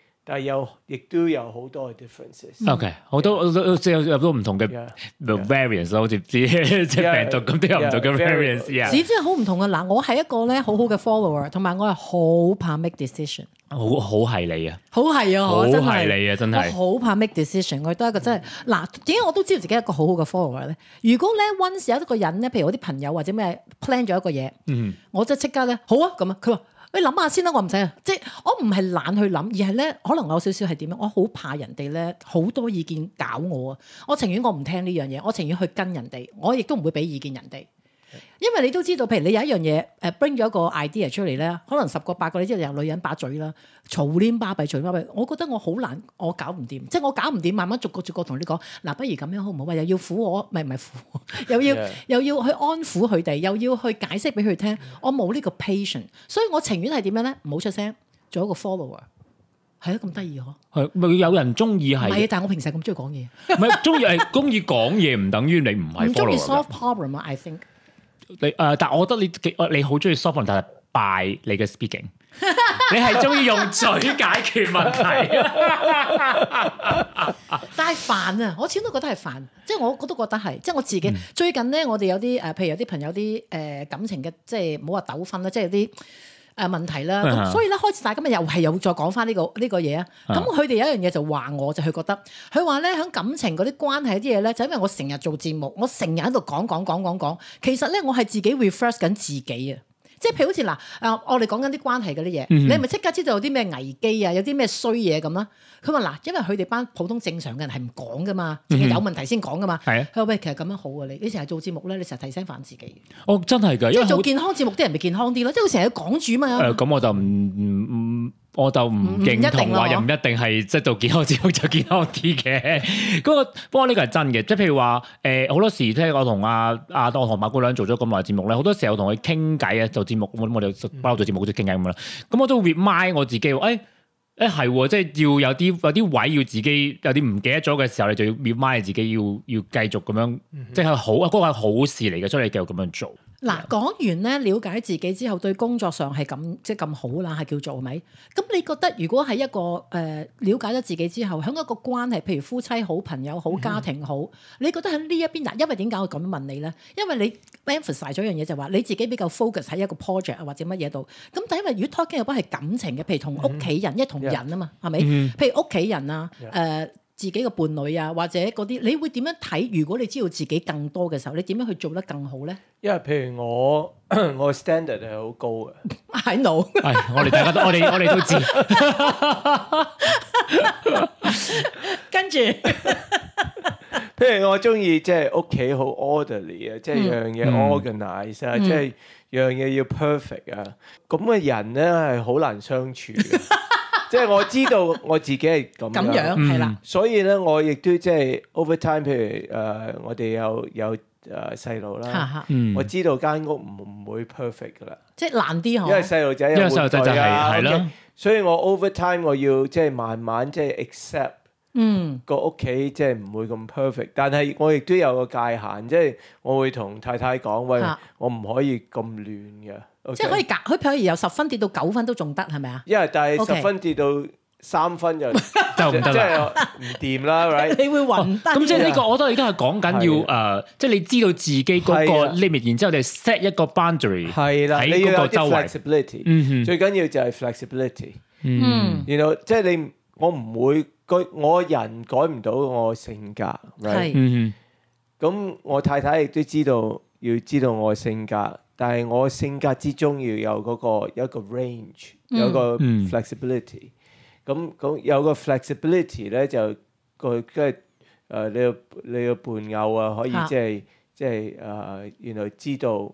啊有，亦都有好多嘅 differences。OK，好多，即有好多唔同嘅 variants 咯，好似即病毒咁都有唔同嘅 variants 啊。始終好唔同嘅。嗱，我係一個咧好好嘅 follower，同埋我係好怕 make decision。好好係你啊！好係啊！好係你啊！真係。我好怕 make decision。我都係一個真係。嗱，點解我都知道自己係一個好好嘅 follower 咧？如果咧 once 有一個人咧，譬如我啲朋友或者咩 plan 咗一個嘢，嗯、我就即刻咧好啊咁啊，佢話。你諗下先啦，我唔使，即係我唔係懶去諗，而係呢，可能我有少少係點樣，我好怕人哋呢，好多意見搞我啊！我情願我唔聽呢樣嘢，我情願去跟人哋，我亦都唔會俾意見人哋。因為你都知道，譬如你有一樣嘢，誒，bring 咗一個 idea 出嚟咧，可能十個八個你知又女人把嘴啦，嘈黏巴閉，嘈黏巴閉。我覺得我好難，我搞唔掂，即係我搞唔掂，慢慢逐個逐個同你講。嗱、啊，不如咁樣好唔好？又要苦我，唔係唔係苦又要，苦我又，要 Yeah. 又要去安撫佢哋，又要去解釋俾佢聽。我冇呢個 patience，所以我情願係點樣咧？唔好出聲，做一個 follower，係、哎、咯，咁得意嗬？係咪有人中意係？唔係，但係我平時係咁中意講嘢，唔係中意係中意講嘢，唔等於你唔係中意 solve problem 啊？I think。 你誒、呃，但係我覺得你幾，你好中意 soften，但係 by 你嘅 speaking，你係中意用嘴解決問題。 但係煩啊，我始終都覺得係煩，即係我我都覺得係，即係我自己、嗯、最近咧，我哋有啲誒、呃，譬如有啲朋友啲誒、呃、感情嘅，即係冇話糾紛啦，即有啲。誒問題啦，嗯、所以咧開始大，大家今日又係又再講翻呢個呢、呢個嘢啊！咁佢哋有一樣嘢就話，我就係覺得，佢話咧喺感情嗰啲關係啲嘢咧，就係、因為我成日做節目，我成日喺度講講講講講，其實咧我係自己 refresh 緊自己啊！即係譬如好似嗱，誒、呃，我哋講緊啲關係嗰啲嘢，嗯、哼你係咪即刻知道有啲咩危機啊，有啲咩衰嘢咁啊？佢話嗱，因為佢哋班普通正常嘅人係唔講噶嘛，淨係有問題先講噶嘛。係啊、嗯哼，佢話喂，其實咁樣好啊，你你成日做節目咧，你成日提醒翻自己。哦，真係㗎，因為做健康節目啲人咪健康啲咯，即係好成日講住嘛。誒、呃，咁我就唔唔唔。嗯嗯我就唔認同話，又唔一定係即係做健康節目就健康啲嘅。不過不過呢個係真嘅，即係譬如話誒，好、呃、多時即我同阿阿當唐馬姑娘做咗咁耐節目咧，好多時候同佢傾偈啊，做節目，我我哋包做節目即係傾偈咁啦。咁、嗯、我都會 remind 我自己話，誒誒係喎，即係要有啲有啲位要自己有啲唔記得咗嘅時候，你就要 remind 自己要要繼續咁樣，嗯、哼即係好啊，嗰、嗰個係好事嚟嘅，所以你繼續咁樣做。嗱，講完咧，瞭解自己之後，對工作上係咁即係咁好啦，係叫做咪？咁你覺得如果係一個誒瞭、呃、解咗自己之後，喺一個關係，譬如夫妻好、好朋友好、好家庭好，嗯、你覺得喺呢一邊嗱？因為點解我咁問你咧？因為你 emphasize 咗一樣嘢就係、是、話你自己比較 focus 喺一個 project 啊或者乜嘢度？咁但係因為如果 Talking 有關係感情嘅，譬如同屋企人一、嗯、因為同人啊嘛，係咪？譬如屋企人啊，誒、呃。自己嘅伴侶啊，或者嗰啲，你會點樣睇？如果你知道自己更多嘅時候，你點樣去做得更好咧？因為譬如我，我嘅 standard 係好高嘅，I know。係，我哋大家都，我哋我哋都知。跟住，譬如我中意即係屋企好 orderly 啊，即係樣嘢 organize 啊，即係樣嘢要 perfect 啊，咁嘅人咧係好難相處。即係 我知道我自己係咁樣，樣，係、嗯、啦。所以咧，我亦都即係 over time，譬如誒、呃，我哋有有誒細路啦。嗯、我知道間屋唔會 perfect 噶啦。即係難啲，因為細路仔因為細路仔就係係咯。Okay, 的所以我 over time 我要即係慢慢即係 accept、嗯、個屋企即係唔會咁 perfect。但係我亦都有個界限，即、就、係、是、我會同太太講：喂，我唔可以咁亂嘅。即係可以隔，可以譬如由十分跌到九分都仲得，係咪啊？因為但係十分跌到三分就就唔得啦，唔掂啦，right？你會暈得咁，即係呢個我都而家係講緊要誒，即係你知道自己嗰個 limit，然之後你 set 一個 boundary，係啦，喺嗰個周圍。最緊要就係 flexibility，嗯哼。最緊要就係 flexibility，嗯。然後即係你，我唔會個我人改唔到我性格，係，嗯哼。咁我太太亦都知道，要知道我性格。但係我性格之中要有、嗰個有一個 range，有個 flexibility。咁咁、嗯、有個 flexibility 咧，就個即係誒你個你個伴友啊，可以、啊、即係即係誒原來知道。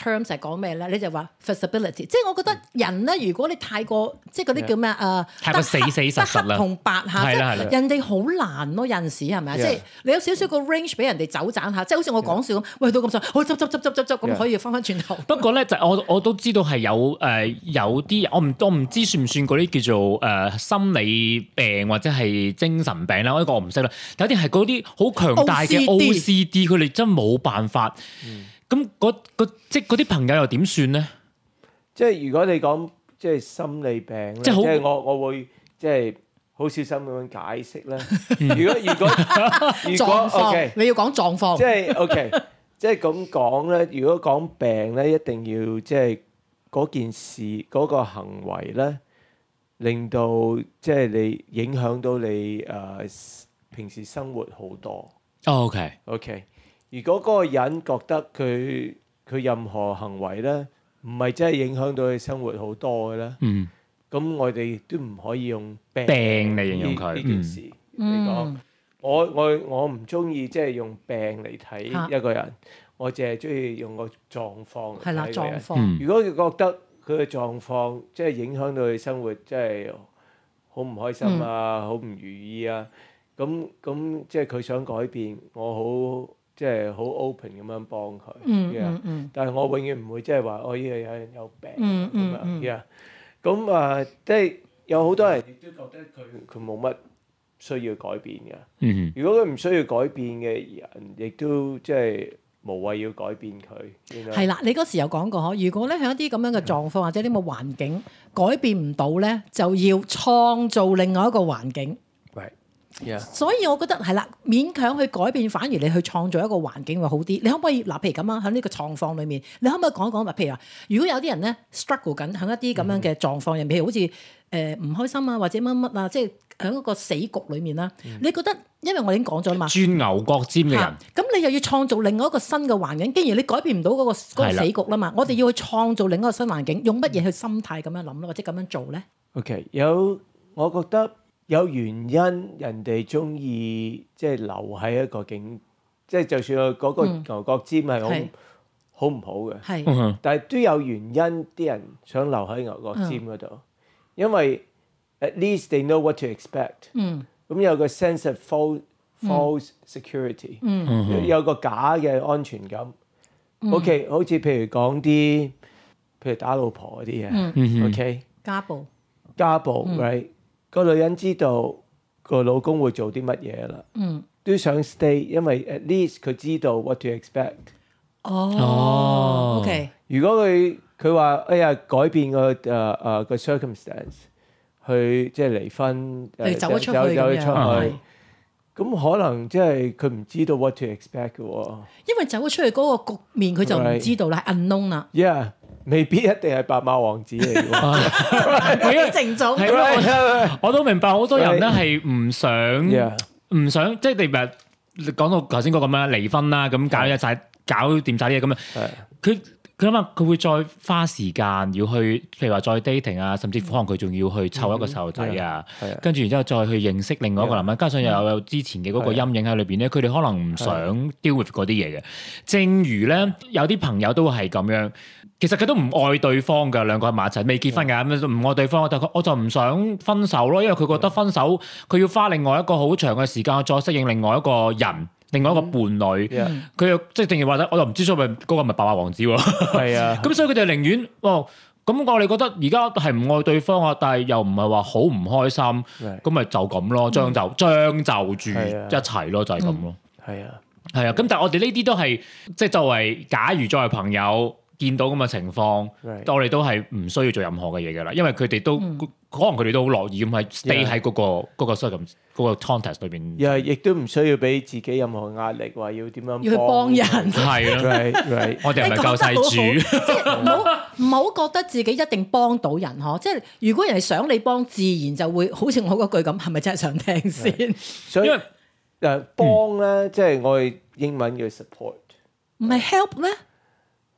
Terms 係講咩咧？你就話 flexibility，即係我覺得人咧，如果你太過即係嗰啲叫咩啊，太過死死實實啦，同白嚇，係啦係啦 Yeah. 即係人哋好難囉，有陣時係咪啊？即係你有少少個 range 俾 Yeah. 人哋走盞下，即係好似我講笑咁，Yeah. 喂到咁滯，好，執執執執執執咁可以翻翻轉頭。Yeah. 不過咧，就我我都知道係有誒有啲我唔我唔知算唔算嗰啲叫做誒、呃、心理病或者係精神病啦。我呢個我唔識啦，有啲係嗰啲好強大嘅 OCD，佢哋真冇辦法。Mm. 咁嗰嗰即係嗰啲朋友又點算咧？即係如果你講即係心理病，即係我我會即係好小心咁樣解釋啦。如果如果如果 OK 你要講狀況，即係 OK，即係咁講咧。如果講病咧，一定要即係嗰件事嗰個行為咧，令到即係你影響到你誒平時生活好多。哦，OK，OK。如果嗰個人覺得佢佢任何行為咧，唔係真係影響到佢生活好多嘅咧，咁、嗯、我哋都唔可以用病嚟形容佢呢件事。嗯、你講我我我唔中意即係用病嚟睇一個人，啊、我淨係中意用個狀況嚟睇佢。如果佢覺得佢嘅狀況即係、即係、影響到佢生活，即係好唔開心啊，好唔、嗯、如意啊，咁咁即係佢想改變，我好。即係好 open 咁樣幫佢，嗯嗯、但係我永遠唔會即係話我呢個有人有病，咁啊，咁啊，即係有好多人亦都覺得佢佢冇乜需要改變嘅。嗯、哼如果佢唔需要改變嘅人，亦都即係無謂要改變佢。係啦，你嗰時有講過，如果咧喺一啲咁樣嘅狀況或者啲咁嘅環境改變唔到咧，就要創造另外一個環境。Yeah. 所以，我覺得係啦，勉強去改變，反而你去創造一個環境會好啲。你可唔可以嗱？譬如咁啊，喺呢個狀況裏面，你可唔可以講一講？嗱，譬如話，如果有啲人呢 struggle 緊，喺一啲咁樣嘅狀況入面，譬如好似誒唔開心啊，或者乜乜啊，即係喺嗰個死局裏面啦。嗯、你覺得因為我已經講咗嘛，鑽牛角尖嘅人，咁你又要創造另外一個新嘅環境，既然你改變唔到嗰個死局啦嘛。的我哋要去創造另一個新環境，用乜嘢去心態咁樣諗咯，或者咁樣做呢？OK，有我覺得。有原因人，人哋中意即係留喺一個境，即、就、係、是、就算嗰個牛角尖係、嗯、好好唔好嘅，是嗯、但係都有原因，啲人想留喺牛角尖嗰度，嗯、因為 at least they know what to expect，咁、嗯嗯、有個 sense of false, false security，嗯嗯、有個假嘅安全感。嗯、OK，好似譬如講啲譬如打老婆嗰啲嘢，OK，家暴，家暴、嗯、right。個女人知道個老公會做啲乜嘢啦，都想 stay，因為 at least 佢知道 what to expect。哦，OK。如果佢佢話哎呀改變個誒誒個 circumstance，去即係離婚，誒走咗出去嘅，咁可能即係佢唔知道 what to expect 嘅喎。因為走咗出去嗰個局面，佢就唔知道啦，係 unknown 啊。Yeah. 未必一定係白馬王子嚟嘅，佢一鄭總，我都明白好多人咧係唔想唔 是的 想，即係你咪講到頭先嗰咁樣離婚啦，咁搞一曬搞掂晒啲嘢咁啊。佢佢諗下，佢會再花時間要去，譬如話再 dating 啊，甚至可能佢仲要去湊一個細路仔啊。嗯、跟住然之後再去認識另外一個男人，加上又有之前嘅嗰個陰影喺裏邊咧，佢哋可能唔想 deal with 嗰啲嘢嘅。正如咧，有啲朋友都會係咁樣。其實佢都唔愛對方嘅，兩個喺埋一齊未結婚嘅，唔、嗯、唔愛對方，但我就我就唔想分手咯，因為佢覺得分手佢要花另外一個好長嘅時間，再適應另外一個人，另外一個伴侶，佢又即係定然話得，我又唔知 â, 爸爸、 啊、所謂嗰個咪白馬王子喎。係、喔、啊，咁所以佢哋寧願哦，咁我哋覺得而家係唔愛對方啊，但係又唔係話好唔開心，咁咪的就咁咯，將的就將就住一齊咯，就係咁咯。係啊，係啊，咁但係我哋呢啲都係即係作為，假如作為朋友。見到咁嘅情況，我哋都係唔需要做任何嘅嘢噶啦，因為佢哋都可能佢哋都好樂意咁喺 stay 喺嗰個嗰個 surround 嗰個 context 裡面。又係亦都唔需要俾自己任何壓力，話要點樣去幫人。係咯，我哋唔夠救世主，唔好唔好覺得自己一定幫到人呵。即係如果人係想你幫，自然就會好似我嗰句咁，係咪真係想聽先？因為誒幫咧，即係我哋英文叫 support，唔係 help 咩？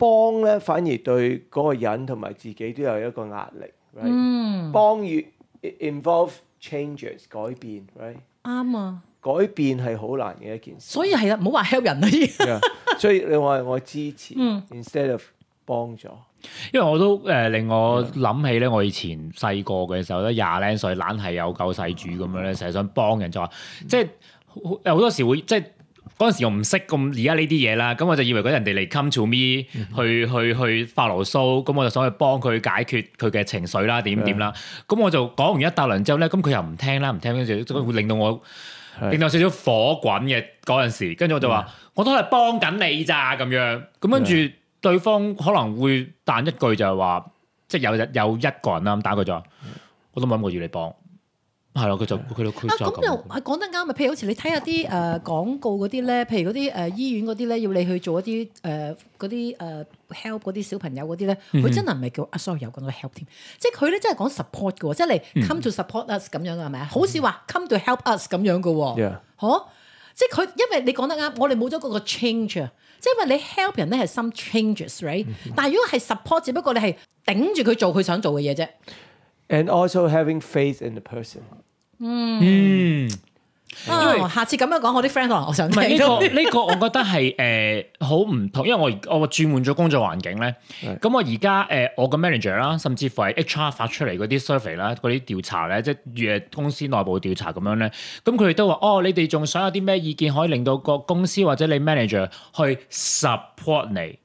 幫咧反而對嗰個人同埋自己都有一個壓力，幫要 involve changes 改變，啱啊！改變係好難嘅一件事。所以係啊，唔好話 help 人啦，所以你話我支持，instead of 幫助。因為我都誒令我諗起咧，我以前細個嘅時候咧，廿零歲懶係有救世主咁樣咧，成日想幫人就話，即係好多時會即係。嗰陣時又唔識咁而家呢啲嘢啦，咁我就以為如人哋嚟 come to me，mm hmm. 去去去發牢騷。咁我就想去幫佢解決佢嘅情緒啦，點點啦，咁 Yeah. 我就講完一大輪之後咧，咁佢又唔聽啦，唔聽，跟住會令到我 Yeah. 令到少少火滾嘅嗰陣時，跟住我就話 Yeah.，我都係幫緊你咋咁樣，咁跟住對方可能會彈一句就係話，即係有有一個人啦，咁打佢就話，Yeah. 我都冇諗過要你幫。係啦，佢就佢就。啊，咁就講得啱咪，呃？譬如好似你睇下啲誒廣告嗰啲咧，譬如嗰啲誒醫院嗰啲咧，要你去做一啲誒嗰啲誒 help 嗰啲小朋友嗰啲咧，佢真係唔係叫、嗯、哼啊？sorry，有咁多 help 添，即係佢咧，真係講 support 嘅喎，即係你 come to support us 咁樣嘅係咪啊？嗯、好似話 come to help us 咁樣嘅喎 Yeah.、啊，即係佢，因為你講得啱，我哋冇咗嗰個 change，即係因為你 help 人咧係 some changes，、right? 嗯、哼但係如果係 support，只不過你係頂住佢做佢想做嘅嘢啫。and also having faith in the person。嗯嗯，啊、嗯，因為下次咁樣講，我啲 friend 可能我想聽。呢個呢個，呢個、我覺得係誒好唔同，因為我我轉換咗工作環境咧。咁是的 我而家誒我嘅 manager 啦，甚至乎係 HR 發出嚟嗰啲 survey 啦，嗰啲調查咧，即係公司內部調查咁樣咧。咁佢哋都話：哦，你哋仲想有啲咩意見可以令到個公司或者你 manager 去 support 你？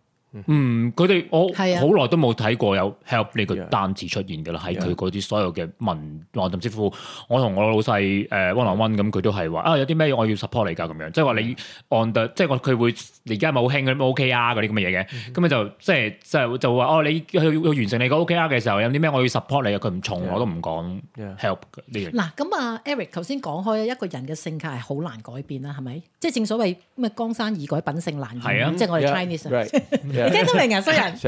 嗯，佢哋我好耐、啊、都冇睇過有 help 呢個單詞出現嘅啦，喺佢嗰啲所有嘅文案，甚至乎我同我老細誒、uh, one on one 咁，佢都係話啊，有啲咩我要 support 你㗎，咁樣即係話你 u 即係佢會而家咪好興嘅咩 OKR 嗰啲咁嘅嘢嘅，咁你就即係即係就會話哦，你去去完成你個 OKR、OK、嘅時候有啲咩我要 support 你嘅，佢唔從我都唔講 help 呢樣。嗱、這個，咁啊 Eric 頭先講開一個人嘅性格係好難改變啦，係咪？即係正所謂咩江山易改品性難移，即係、啊、我哋對 你聽得明啊，衰人？識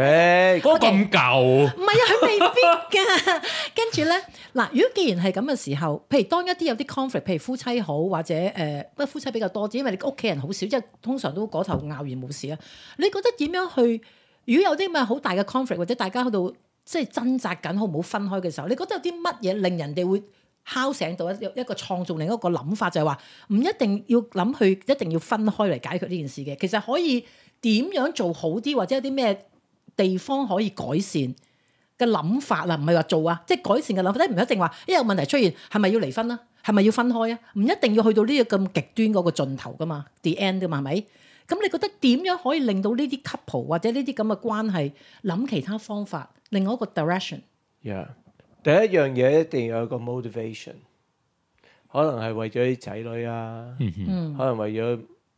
嗰個咁舊？唔係啊，佢未必㗎。跟住咧，嗱，如果既然係咁嘅時候，譬如當一啲有啲 conflict，譬如夫妻好或者誒，不過夫妻比較多啲，因為你屋企人好少，即係通常都嗰頭拗完冇事啊。你覺得點樣去？如果有啲咩好大嘅 conflict，或者大家喺度即係掙扎緊，好唔好分開嘅時候，你覺得有啲乜嘢令人哋會敲醒到一一個創造另一個諗法，就係話唔一定要諗去，一定要分開嚟解決呢件事嘅，其實可以。點樣做好啲，或者有啲咩地方可以改善嘅諗法啊？唔係話做啊，即係改善嘅諗法，即係唔一定話，一有問題出現係咪要離婚啊？係咪要分開啊？唔一定要去到呢個咁極端嗰個盡頭噶嘛？The end 噶嘛？係咪？咁你覺得點樣可以令到呢啲 couple 或者呢啲咁嘅關係諗其他方法，另外一個 direction？Yeah，第一樣嘢一定要有個 motivation，可能係為咗啲仔女啊， 可能為咗。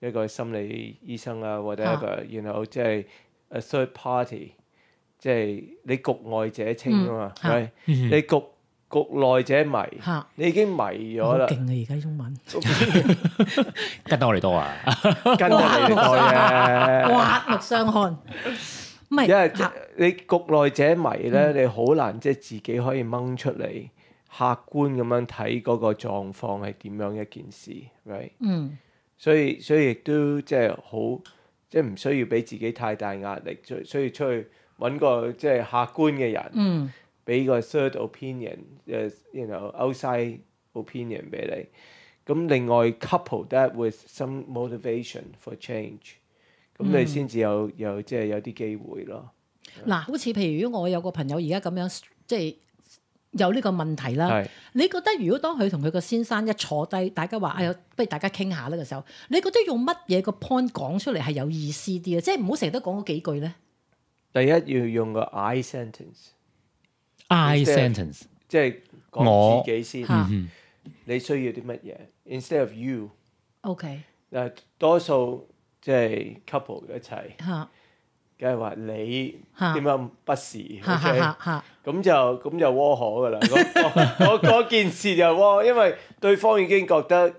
一個心理醫生啊，或者一個，然後即係 third party，即係你局外者清啊嘛，係咪？你局局內者迷，你已經迷咗啦。勁啊！而家中文跟得我哋多啊，跟得你多嘅，刮目相看。因為，你局內者迷咧，你好難即係自己可以掹出嚟，客觀咁樣睇嗰個狀況係點樣一件事，係咪？嗯。所以所以亦都即係好，即係唔需要俾自己太大壓力，所以所以出去搵個即係、就是、客觀嘅人，嗯，俾個 third opinion，誒，you know outside opinion 俾你。咁另外 couple that with some motivation for change，咁你先至有、嗯、有即係、就是、有啲機會咯。嗱、嗯，好似譬如如果我有個朋友而家咁樣，即係。有呢個問題啦，是你覺得如果當佢同佢個先生一坐低，大家話：哎呀，不如大家傾下呢嘅呢個時候，你覺得用乜嘢個 point 講出嚟係有意思啲咧？即係唔好成日都講嗰幾句咧。第一要用個 I sentence，I sentence 即係講自己先。我嗯、哼你需要啲乜嘢？Instead of you，OK Okay.。嗱，多數即係 couple 一齊。啊梗係話你點樣不時，咁就咁就窩火㗎啦。嗰嗰件事就窩，因為對方已經覺得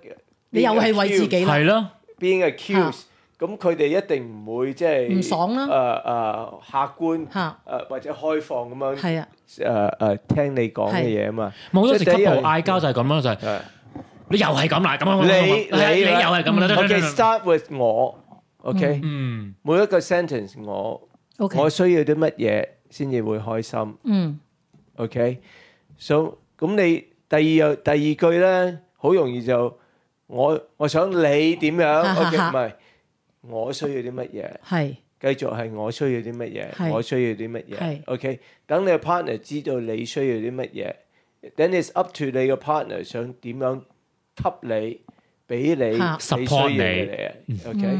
你又係為自己啦。being judged？咁佢哋一定唔會即係唔爽啦。誒誒客觀，誒或者開放咁樣。係啊，誒誒聽你講嘅嘢啊嘛。好多時 couple 嗌交就係咁啦，就係你又係咁啦，咁樣你你你又係咁啦。OK，start withI。OK，嗯，每一個 sentence 我，OK，我需要啲乜嘢先至會開心，嗯，OK，So 咁你第二又第二句咧？好容易就我我想你點樣，OK，唔係我需要啲乜嘢，係，繼續係我需要啲乜嘢，我需要啲乜嘢，OK，等你個 partner 知道你需要啲乜嘢，then it's up to 你個 partner 想點樣給你俾你 support 你，OK。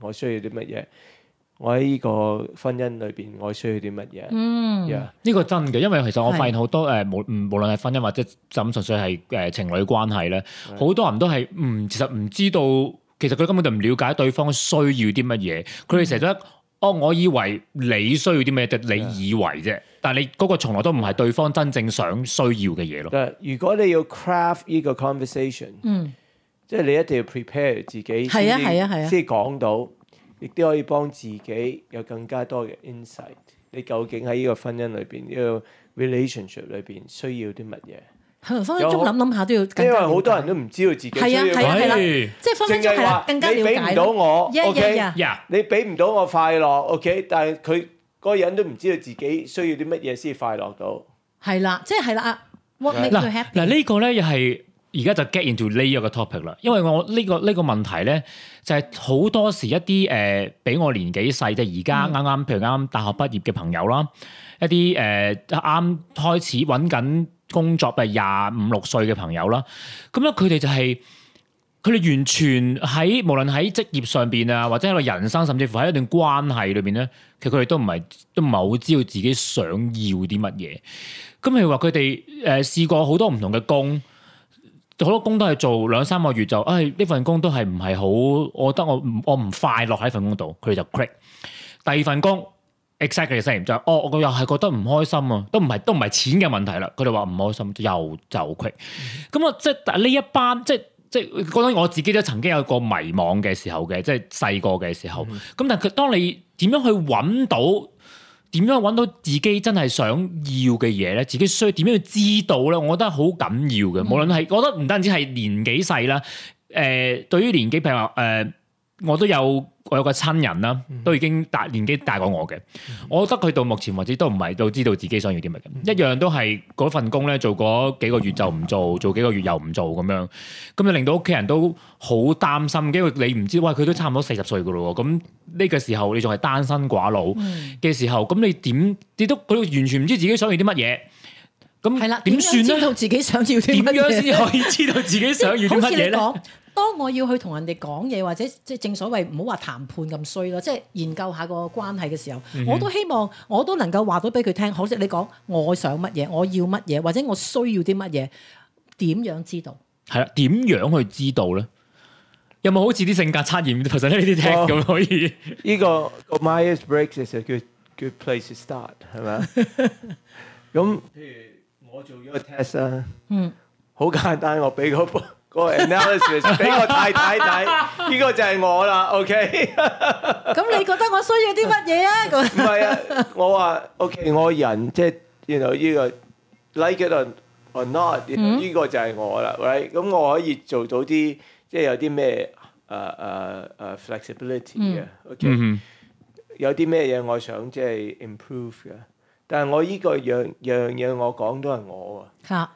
我需要啲乜嘢？我喺呢個婚姻裏邊，我需要啲乜嘢？嗯，呢 Yeah. 個真嘅，因為其實我發現好多誒，是無無論係婚姻或者咁純粹係誒情侶關係咧，好是多人都係唔、嗯、其實唔知道，其實佢根本就唔了解對方需要啲乜嘢。佢哋成日覺得：「哦，我以為你需要啲咩嘅，你以為啫，是但係你嗰個從來都唔係對方真正想需要嘅嘢咯。如果你要 craft 呢個 conversation，嗯。即係你一定要 prepare 自己，先講到，亦都可以幫自己有更加多嘅 insight。你究竟喺呢個婚姻裏邊，呢個 relationship 裏邊需要啲乜嘢？分分鐘諗諗下都要？因為好多人都唔知道自己需要乜嘢。即係分分鐘係更加瞭解。你俾唔到我，OK，你俾唔到我快樂，OK，但係佢嗰人都唔知道自己需要啲乜嘢先快樂到。係啦，即係啦，啊，what makes you happy？嗱嗱，呢個咧又係。而家就 get into 呢一個 topic 啦，因為我呢、這個呢、這個問題咧，就係、是、好多時一啲誒、呃、比我年紀細，即係而家啱啱譬如啱啱大學畢業嘅朋友啦，一啲誒啱開始揾緊工作嘅廿五六歲嘅朋友啦，咁咧佢哋就係佢哋完全喺無論喺職業上邊啊，或者喺個人生，甚至乎喺一段關係裏邊咧，其實佢哋都唔係都唔係好知道自己想要啲乜嘢。咁譬如話，佢哋誒試過好多唔同嘅工。好多工都係做兩三個月就，哎呢份工都係唔係好，我覺得我唔我唔快樂喺份工度，佢哋就 quit。第二份工 exactly same job 就，哦我又係覺得唔開心啊，都唔係都唔係錢嘅問題啦，佢哋話唔開心又就 quit，嗯。咁啊即係，呢一班即係即係，覺得我自己都曾經有個迷惘嘅時候嘅，即係細個嘅時候。咁但係當你點樣去揾到？點樣揾到自己真係想要嘅嘢咧？自己需點樣去知道咧？我覺得好緊要嘅。嗯、無論係，我覺得唔單止係年紀細啦，誒、呃，對於年紀譬如話誒。呃我都有我有個親人啦，都已經大年紀大過我嘅，嗯、我覺得佢到目前為止都唔係都知道自己想要啲乜嘅，嗯、一樣都係嗰份工咧，做嗰幾個月就唔做，做幾個月又唔做咁樣，咁就令到屋企人都好擔心，因為你唔知，喂，佢都差唔多四十歲噶咯，咁呢個時候你仲係單身寡佬嘅、嗯、時候，咁你點？你都佢完全唔知自己想要啲乜嘢，咁係啦，點怎樣 算咧？知道自己想要啲點樣先可以知道自己想要啲乜嘢咧？ 當我要去同人哋講嘢，或者即係正所謂唔好話談判咁衰咯，即係研究下個關係嘅時候，嗯、哼我都希望我都能夠話到俾佢聽。可惜你講我想乜嘢，我要乜嘢，或者我需要啲乜嘢，點樣知道？係啦，點樣去知道咧？有冇好似啲性格測驗頭先呢啲 test 咁可以？呢、這個 Myers-Briggs 係一個 good place to start 係嘛？咁 譬如我做咗個 test 啦，嗯，好簡單，我俾個，嗰 analysis 俾我太太睇，呢 個就係我啦，OK？咁你覺得我需要啲乜嘢啊？唔係 啊，我話 OK，我人即係然後呢個 like it or not 呢 you know,、嗯、個就係我啦。咁、right? 我可以做到啲即係有啲咩誒誒誒 flexibility 啊，OK？有啲咩嘢我想即係 improve 嘅，但係我呢個樣樣嘢我講都係我啊。啊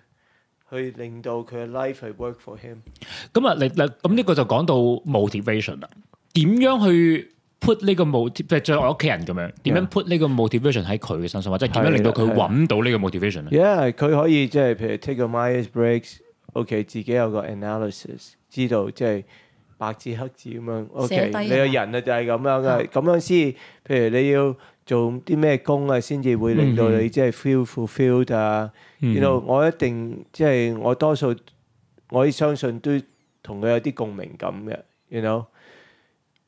去令到佢嘅 life 係 work for him。咁啊，你嗱咁呢個就講到 motivation 啦。點樣去 put 呢個 motiv，即係我屋企人咁樣？點樣 put 呢個 motivation 喺佢嘅身上，或者點樣令到佢揾到呢個 motivation 咧？Yeah，佢可以即係譬如 take a Myers Briggs，OK，自己有個 analysis，知道即係白紙黑字咁樣。OK，你個人啊就係咁樣嘅，咁樣先。譬如你要。做啲咩工啊，先至會令到你即係 feel fulfilled 啊？然後我一定即係、就是、我多數，我相信都同佢有啲共鳴感嘅。知道，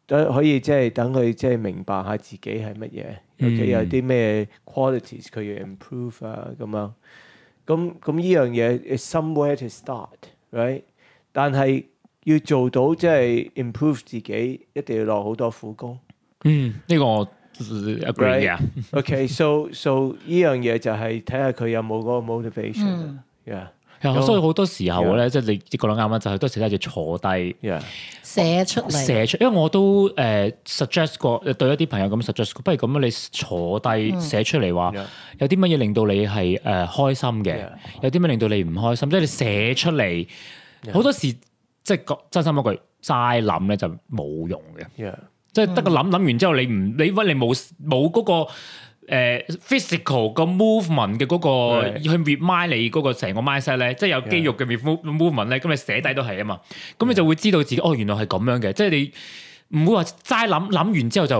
可以即係、就是、等佢即係明白下自己係乜嘢，或者、mm hmm. 有啲咩 qualities 佢要 improve 啊咁樣。咁咁呢樣嘢係 somewhere to start，right？但係要做到即係、就是、improve 自己，一定要落好多苦功。嗯，呢、這個我。agree 啊，OK，so so 呢樣嘢就係睇下佢有冇嗰個 motivation，y、嗯 yeah. 所以好、so, 多時候咧，即係、yeah. 你覺得啱啊，就係、是、都時都係要坐低，寫、yeah. 出嚟，寫出，因為我都誒、uh, suggest 過對一啲朋友咁 suggest，不如咁啊，你坐低寫、嗯、出嚟話，有啲乜嘢令到你係誒開心嘅，yeah. 有啲乜令到你唔開心，即、就、係、是、你寫出嚟，好多時即係個真心一句齋諗咧就冇用嘅。即係得個諗諗完之後，你唔你屈你冇冇嗰個誒 physical 個 movement 嘅嗰個去 remind 你嗰個成個 mindset 咧，即係有肌肉嘅 move movement 咧，咁你寫低都係啊嘛，咁你就會知道自己哦原來係咁樣嘅，即係你唔會話齋諗諗完之後就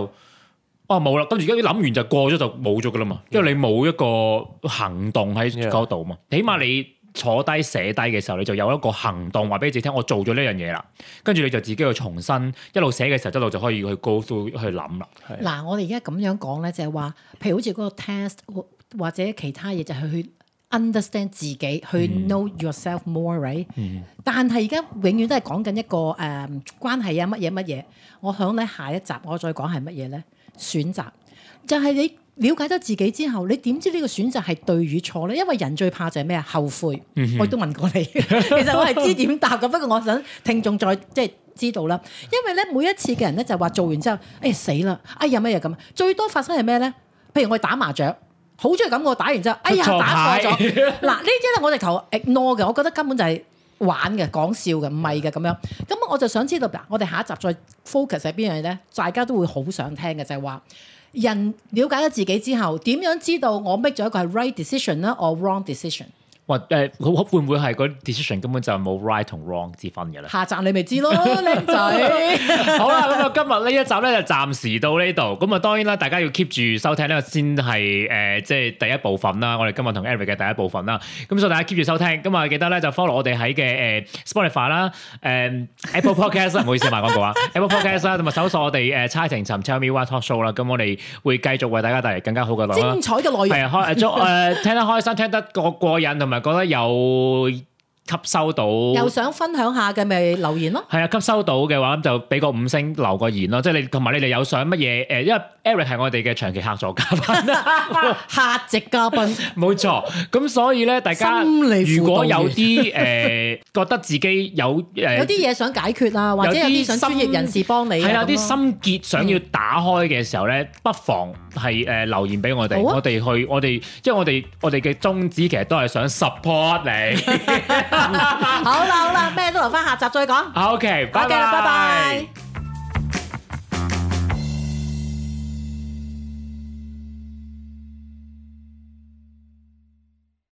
哦冇啦，咁而家啲諗完就過咗就冇咗噶啦嘛，因為你冇一個行動喺嗰度啊嘛，起碼你，坐低寫低嘅時候，你就有一個行動話俾自己聽，我做咗呢樣嘢啦。跟住你就自己去重新一路寫嘅時候，一路就可以去 go through 去諗啦。嗱，我哋而家咁樣講呢，就係話，譬如好似嗰個 test 或者其他嘢，就係去。Understand 自己去 know yourself more right，mm hmm. 但係而家永遠都係講緊一個誒、呃、關係啊乜嘢乜嘢，我想呢下一集我再講係乜嘢呢？選擇就係、是、你了解咗自己之後，你點知呢個選擇係對與錯呢？因為人最怕就係咩啊？後悔，mm hmm. 我都問過你，其實我係知點答嘅，不過我想聽眾再即係知道啦。因為呢每一次嘅人呢，就話做完之後，哎呀死啦，哎呀乜嘢咁，最多發生係咩呢？譬如我打麻雀。好中意咁我打完之後，哎呀打錯咗！嗱呢啲咧我哋求 ignore 嘅，我覺得根本就係玩嘅，講笑嘅，唔係嘅咁樣。咁我就想知道嗱，我哋下一集再 focus 喺邊樣嘢咧？大家都會好想聽嘅就係、是、話，人了解咗自己之後，點樣知道我 make 咗一個係 right decision 咧，or wrong decision？喂，誒，會唔會係個 decision 根本就冇 right 同 wrong 之分嘅咧？下集你咪知咯，靚 仔 好啦，咁啊，今日呢一集咧就暫時到呢度。咁啊，當然啦，大家要 keep 住收聽咧，先係誒，即係第一部分啦。我哋今日同 Eric 嘅第一部分啦。咁所以大家 keep 住收聽。咁啊，記得咧就 follow 我哋喺嘅誒 Spotify 啦，誒、嗯、Apple Podcast 唔 好意思啊，賣廣告啊，Apple Podcast 啦，同埋搜索我哋誒差評尋 Tell Me Why Talk Show 啦。咁我哋會繼續為大家帶嚟更加好嘅精彩嘅內容，係開誒聽得開心，聽得過癮，聽得過癮同。覺得有。吸收到，又想分享下嘅咪留言咯。係啊，吸收到嘅話，咁就俾個五星留個言咯。即係你同埋你哋有想乜嘢？誒，因為 Eric 係我哋嘅長期客座嘉賓，客席嘉賓。冇錯。咁所以咧，大家如果有啲誒，覺得自己有誒，有啲嘢想解決啊，或者有啲想專業人士幫你，係啦，啲心結想要打開嘅時候咧，不妨係誒留言俾我哋，我哋去，我哋，因為我哋我哋嘅宗旨其實都係想 support 你。好啦好啦，咩都留翻下集再講。OK，bye bye。